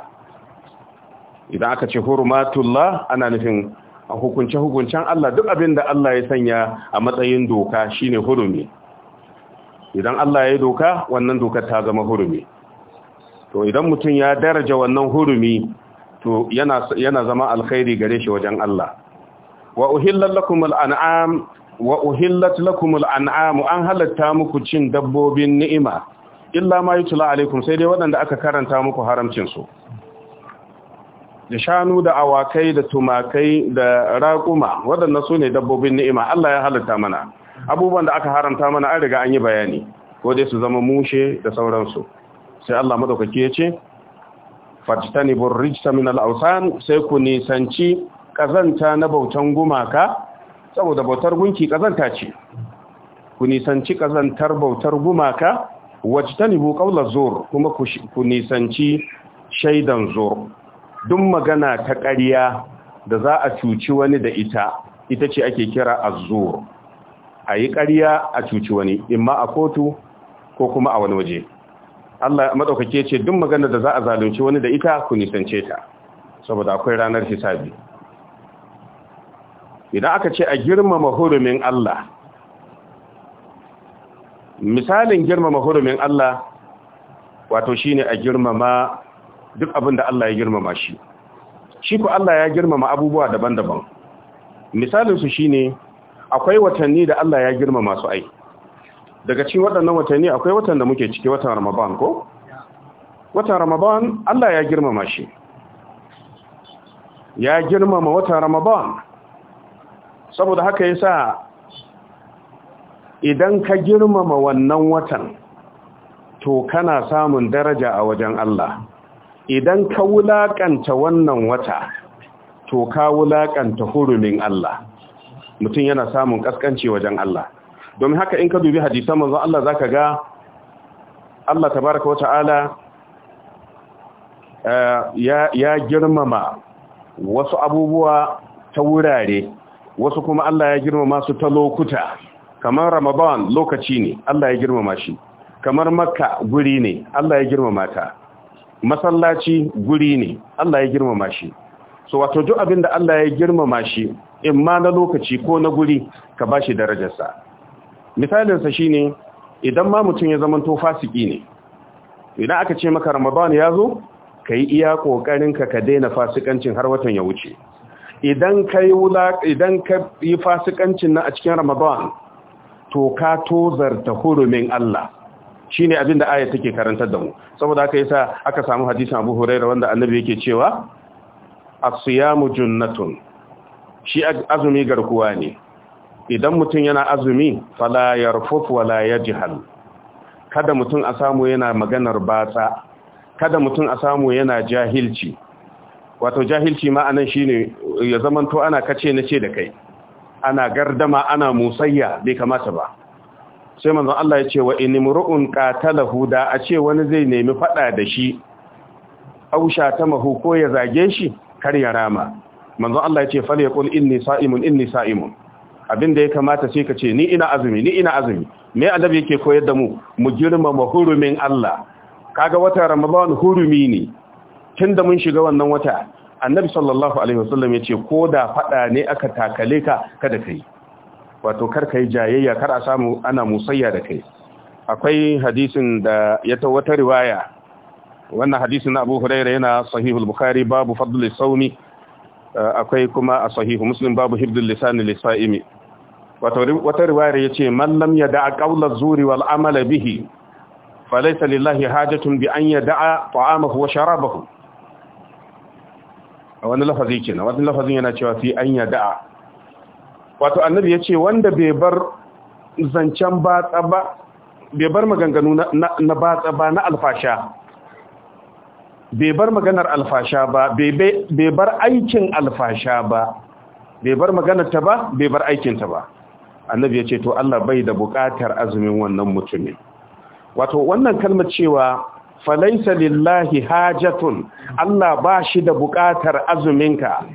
idan aka ce hurumatullah ana nufin a hukunce-hukuncen Allah duk abin da Allah ya sanya a matsayin doka shine hurumi idan Allah ya yi doka wannan dokar ta zama hurumi to idan mutum ya daraja wannan hurumi to yana zama alkhairi gare shi wajen Allah wa uhillat lakumul wa uhillat lakumul an'am an halatta muku cin dabbobin ni'ima illa ma yutla alaikum sai dai waɗanda aka karanta muku haramcin su da shanu da awakai da tumakai da raƙuma waɗanda su ne dabbobin ni'ima Allah ya halitta mana abubuwan da aka haramta mana an riga an yi bayani ko dai su zama mushe da sauransu sai Allah madaukaki ya ce bur rijsa min al-awsan sai ku nisanci kazanta na bautan gumaka saboda bautar gunki kazanta ce ku nisanci kazantar bautar gumaka wajtanibu qawla zur kuma ku nisanci shaidan zur duk magana ta ƙarya da za a cuci wani da ita ita ce ake kira azzur a yi ƙarya a cuci wani imma a kotu ko kuma a wani waje Allah madaukake ce duk magana da za a zalunci wani da ita ku nisance ta saboda akwai ranar hisabi idan aka ce a girmama hurumin Allah misalin girmama hurumin Allah wato shine a girmama duk abin da Allah ya girmama shi shi ku Allah ya girmama abubuwa daban-daban misalinsu shi ne akwai watanni da Allah ya girmama su ai daga cikin waɗannan watanni akwai watan da muke ciki watan ramadan ko watan ramadan Allah ya girmama shi ya girmama watan ramadan saboda haka yasa idan ka girmama wannan watan to kana samun daraja a wajen Allah idan ka wulaƙanta wannan wata to ka wulaƙanta hurumin Allah mutum yana samun ƙasƙanci wajen Allah don haka in ka dubi hadisan manzon Allah ka ga Allah baraka wata'ala eh, ya ya girmama wasu abubuwa ta wurare wasu kuma Allah ya girmama su ta lokuta kamar Ramadan lokaci ne Allah ya girmama shi kamar Makka guri ne Allah ya girmama ta masallaci guri ne Allah ya girmama shi so wato duk abin da Allah ya girmama shi in ma na lokaci ko na guri ka bashi darajarsa misalinsa shine idan ma mutum ya zamanto fasiki ne idan aka ce maka ramadan ya zo ka iya ƙoƙarinka ka ka daina fasikancin har watan ya wuce idan ka yi idan ka yi fasikancin na a cikin ramadan to ka tozarta hurumin Allah shine abin da aya take karantar da mu saboda haka yasa aka samu hadisin Abu Hurairah wanda Annabi yake cewa as-siyamu junnatun shi azumi garkuwa ne idan mutum yana azumi fala yarfuf wala yajhal kada mutum a samu yana maganar batsa kada mutum a samu yana jahilci wato jahilci ma anan shine ya zamanto ana kace nace da kai ana gardama ana musayya bai kamata ba sai manzon Allah ya ce wa inimru'un qatalahu da a ce wani zai nemi fada da shi ausha ta mahu ko ya zage shi kar ya rama manzon Allah ya ce fal yaqul inni sa'imun inni sa'imun abinda ya kamata sai ka ce ni ina azumi ni ina azumi me annabi yake koyar da mu mu girmama hurumin Allah kaga wata ramadan hurumi ne tunda mun shiga wannan wata annabi sallallahu alaihi wasallam ya ce ko da fada ne aka takale ka kada kai wato kar ka yi jayayya kar a samu ana musayya da kai akwai hadisin da ya ta wata riwaya wannan hadisin na abu yana sahihul bukhari babu fadlis saumi eh, akwai kuma a sahihu muslim babu hibdul lisani lisaimi wato wata riwaya yace man lam yada'a qawla zuri wal amala bihi falaysa lillahi hajatun bi an yada'a ta'amahu wa sharabahu wani lafazi kenan wani lafazin yana cewa fi an yada'a wato annabi ya ce wanda bai bar zancen batsa ba bai bar maganganu na batsa ba na alfasha bai bar maganar alfasha ba bai bar aikin alfasha ba bai bar maganar ta ba bai bar aikinta ba annabi ya ce to Allah bai da buƙatar azumin wannan mutumin wato wannan kalmar cewa falaisa lillahi hajatun Allah ba shi da buƙatar azuminka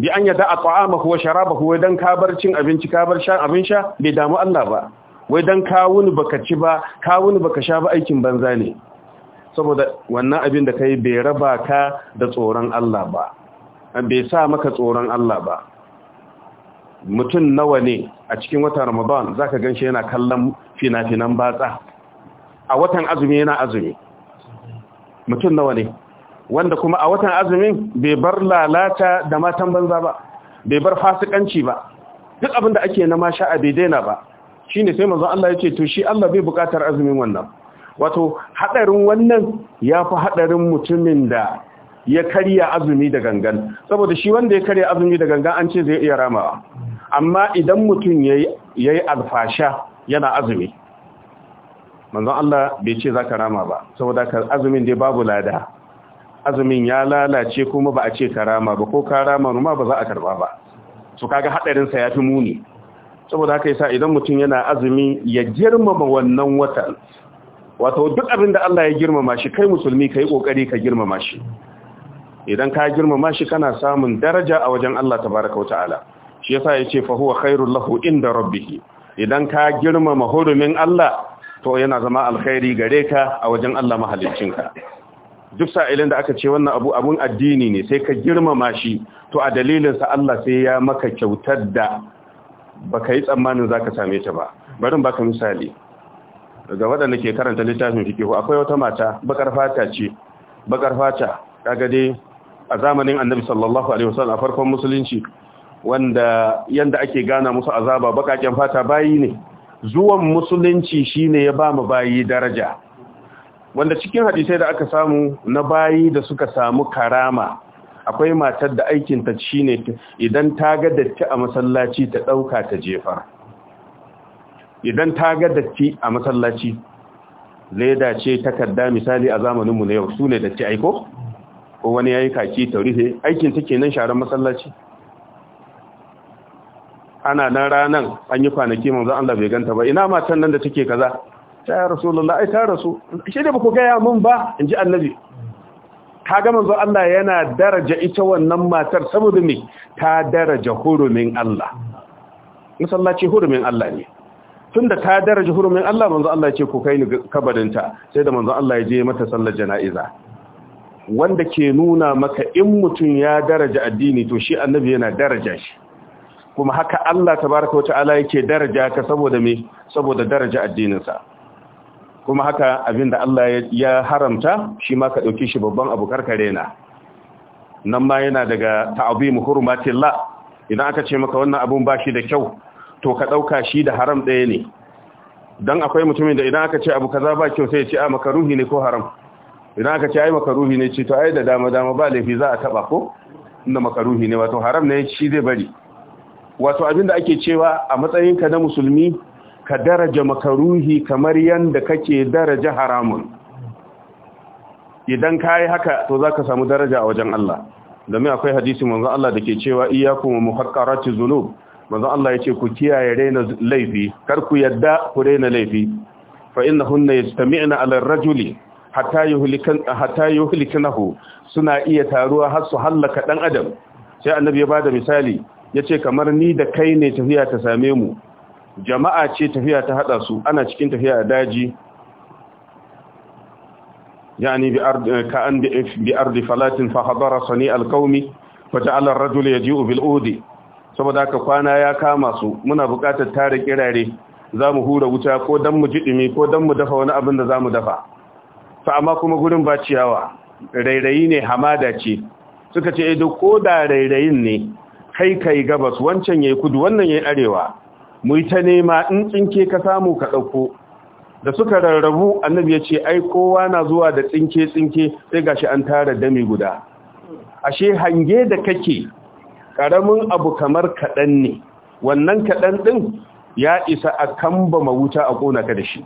bi an yada a ta'amahu kuwa sharaba kuwa dan ka bar cin abinci ka bar abin sha bai damu Allah ba wai dan ka baka ci ba ka baka sha ba aikin banza ne saboda wannan abin da kai bai raba ka da tsoron Allah ba bai sa maka tsoron Allah ba mutum nawa ne a cikin watan Ramadan zaka ganshi yana kallon fina-finan batsa a watan azumi yana azumi mutum nawa ne wanda kuma a watan azumin bai bar lalata da matan banza ba bai bar fasikanci ba duk abin da ake na masha a bai daina ba Shi ne sai manzon Allah ce to shi Allah bai bukatar azumin wannan wato hadarin wannan yafi hadarin mutumin da ya karya azumi da gangan saboda shi wanda ya karya azumi da gangan an ce zai iya ramawa amma idan mutum ya yi alfasha yana azumi manzon Allah bai ce za ka rama ba saboda azumin dai babu lada azumin ya lalace kuma ba a ce karama ba ko karama ruma ba za a karba ba su kaga hadarin sa yafi muni saboda haka yasa idan mutum yana azumi ya girmama wannan watan wato duk abin da Allah ya girmama shi kai musulmi kai kokari ka girmama shi idan ka girmama shi kana samun daraja a wajen Allah tabaaraka wa ta'ala shi yasa yace fa huwa khairul lahu inda rabbih idan ka girmama hurumin Allah to yana zama alkhairi gare ka a wajen Allah ka. duk sa'ilin da aka ce wannan abu abun addini ne sai ka girmama shi to a dalilinsa Allah sai ya maka kyautar da baka yi tsammanin za ka same ta ba barin baka misali ga waɗanda ke karanta littafin fikihu akwai wata mata bakar fata ce bakar fata kaga a zamanin annabi sallallahu alaihi wasallam a farkon musulunci wanda yanda ake gana musu azaba baƙaƙen fata bayi ne zuwan musulunci shine ya ba mu bayi daraja wanda cikin hadisai da aka samu na bayi da suka samu karama akwai matar da aikinta shine idan ta ga datti a masallaci ta dauka ta jefa. idan ta ga datti a masallaci leda ce takarda misali a zamaninmu na yau su ne datti aiko ko wani yayi kaki ta aikin take nan sharan masallaci ana nan ranan an yi kwanaki manzo Allah bai ganta ba ina matan nan da take kaza ta ya rasulullah ai ta rasu shi da ku gaya mun ba in ji annabi ga manzo Allah yana daraja ita wannan matar saboda me ta daraja hurumin Allah masallaci hurumin Allah ne tunda ta daraja hurumin Allah manzo Allah ya ce ku kai ni kabarinta sai da manzo Allah ya je mata sallar jana'iza wanda ke nuna maka in mutum ya daraja addini to shi annabi yana daraja shi kuma haka Allah tabaraka wa ta'ala yake daraja ka saboda me saboda daraja addininsa kuma haka abin da Allah ya haramta shi ma ka ɗauki shi babban abu karkare na nan ma yana daga ta'azimu hurumatillah idan aka ce maka wannan abun ba shi da kyau to ka ɗauka shi da haram ɗaya ne don akwai mutumin da idan aka ce abu kaza ba kyau sai ya ce a makaruhi ne ko haram idan aka ce ai makaruhi ne ce to ai da dama dama ba laifi za a taba ko inda makaruhi ne wato haram ne shi zai bari wato abin da ake cewa a matsayinka na musulmi ka daraja makaruhi kamar yadda kake daraja haramun idan kayi haka to zaka samu daraja a wajen Allah domin akwai hadisi manzo Allah ke cewa iyyakum muhaqqarati dhunub manzo Allah yace ku kiyaye raina laifi kar ku yadda ku raina laifi fa innahunna yastami'na 'ala ar-rajuli hatta yuhlikan hatta yuhlikanahu suna iya taruwa har su hallaka dan adam sai annabi ya bada misali yace kamar ni da kai ne tafiya ta same mu jama'a ce tafiya ta hada su ana cikin tafiya a daji yani bi ard eh, ka an bi ard falatin fa hadara sani alqaumi fa ta'ala ar-rajul yaji'u bil udi saboda haka kwana ya kama su muna buƙatar tare kirare zamu hura wuta ko dan mu jidimi ko dan mu dafa wani abin da zamu dafa fa amma kuma gurin ba ciyawa rairayi ne hamada ce suka ce ido eh, ko da rairayin ne kai kai gabas wancan yayi kudu wannan yayi arewa mu yi ta nema in tsinke ka samu ka ɗauko da suka rarrabu annabi ya ce ai kowa na zuwa da tsinke tsinke sai gashi an tara dami guda ashe hange da kake karamin abu kamar kaɗan ne wannan kaɗan ɗin ya isa a kan kamba wuta a ƙona ka da shi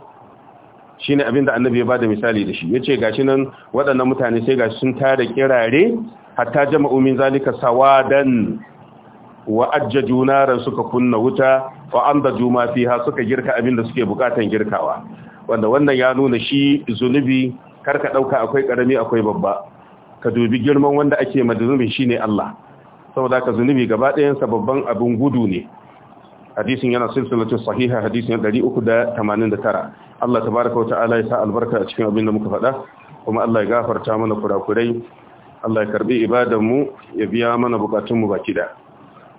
shi ne abinda annabi ya ba da misali da shi ya ce gashi nan waɗannan mutane sai gashi sun tara kirare hatta jama'u min zalika sawadan wa ajjaju naran suka kunna wuta wa anda juma fiha suka girka abin da suke bukatan girkawa wanda wannan ya nuna shi zunubi karka dauka akwai karami akwai babba ka dubi girman wanda ake madzumin shine Allah saboda ka zunubi gaba ɗayan sa babban abin gudu ne hadisin yana silsilatu sahiha hadisin 389 Allah tabaaraka wa ta'ala ya sa albarka a cikin abin da muka faɗa kuma Allah ya gafarta mana kurakurai Allah ya karbi ibadan mu ya biya mana bukatun mu baki da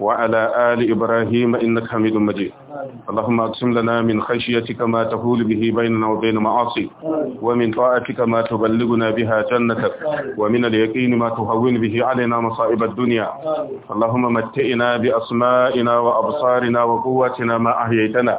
وعلى آل إبراهيم إنك حميد مجيد اللهم اقسم لنا من خشيتك ما تهول به بيننا وبين معاصيك ومن طاعتك ما تبلغنا بها جنتك ومن اليقين ما تهون به علينا مصائب الدنيا اللهم متئنا بأسمائنا وأبصارنا وقوتنا ما أحييتنا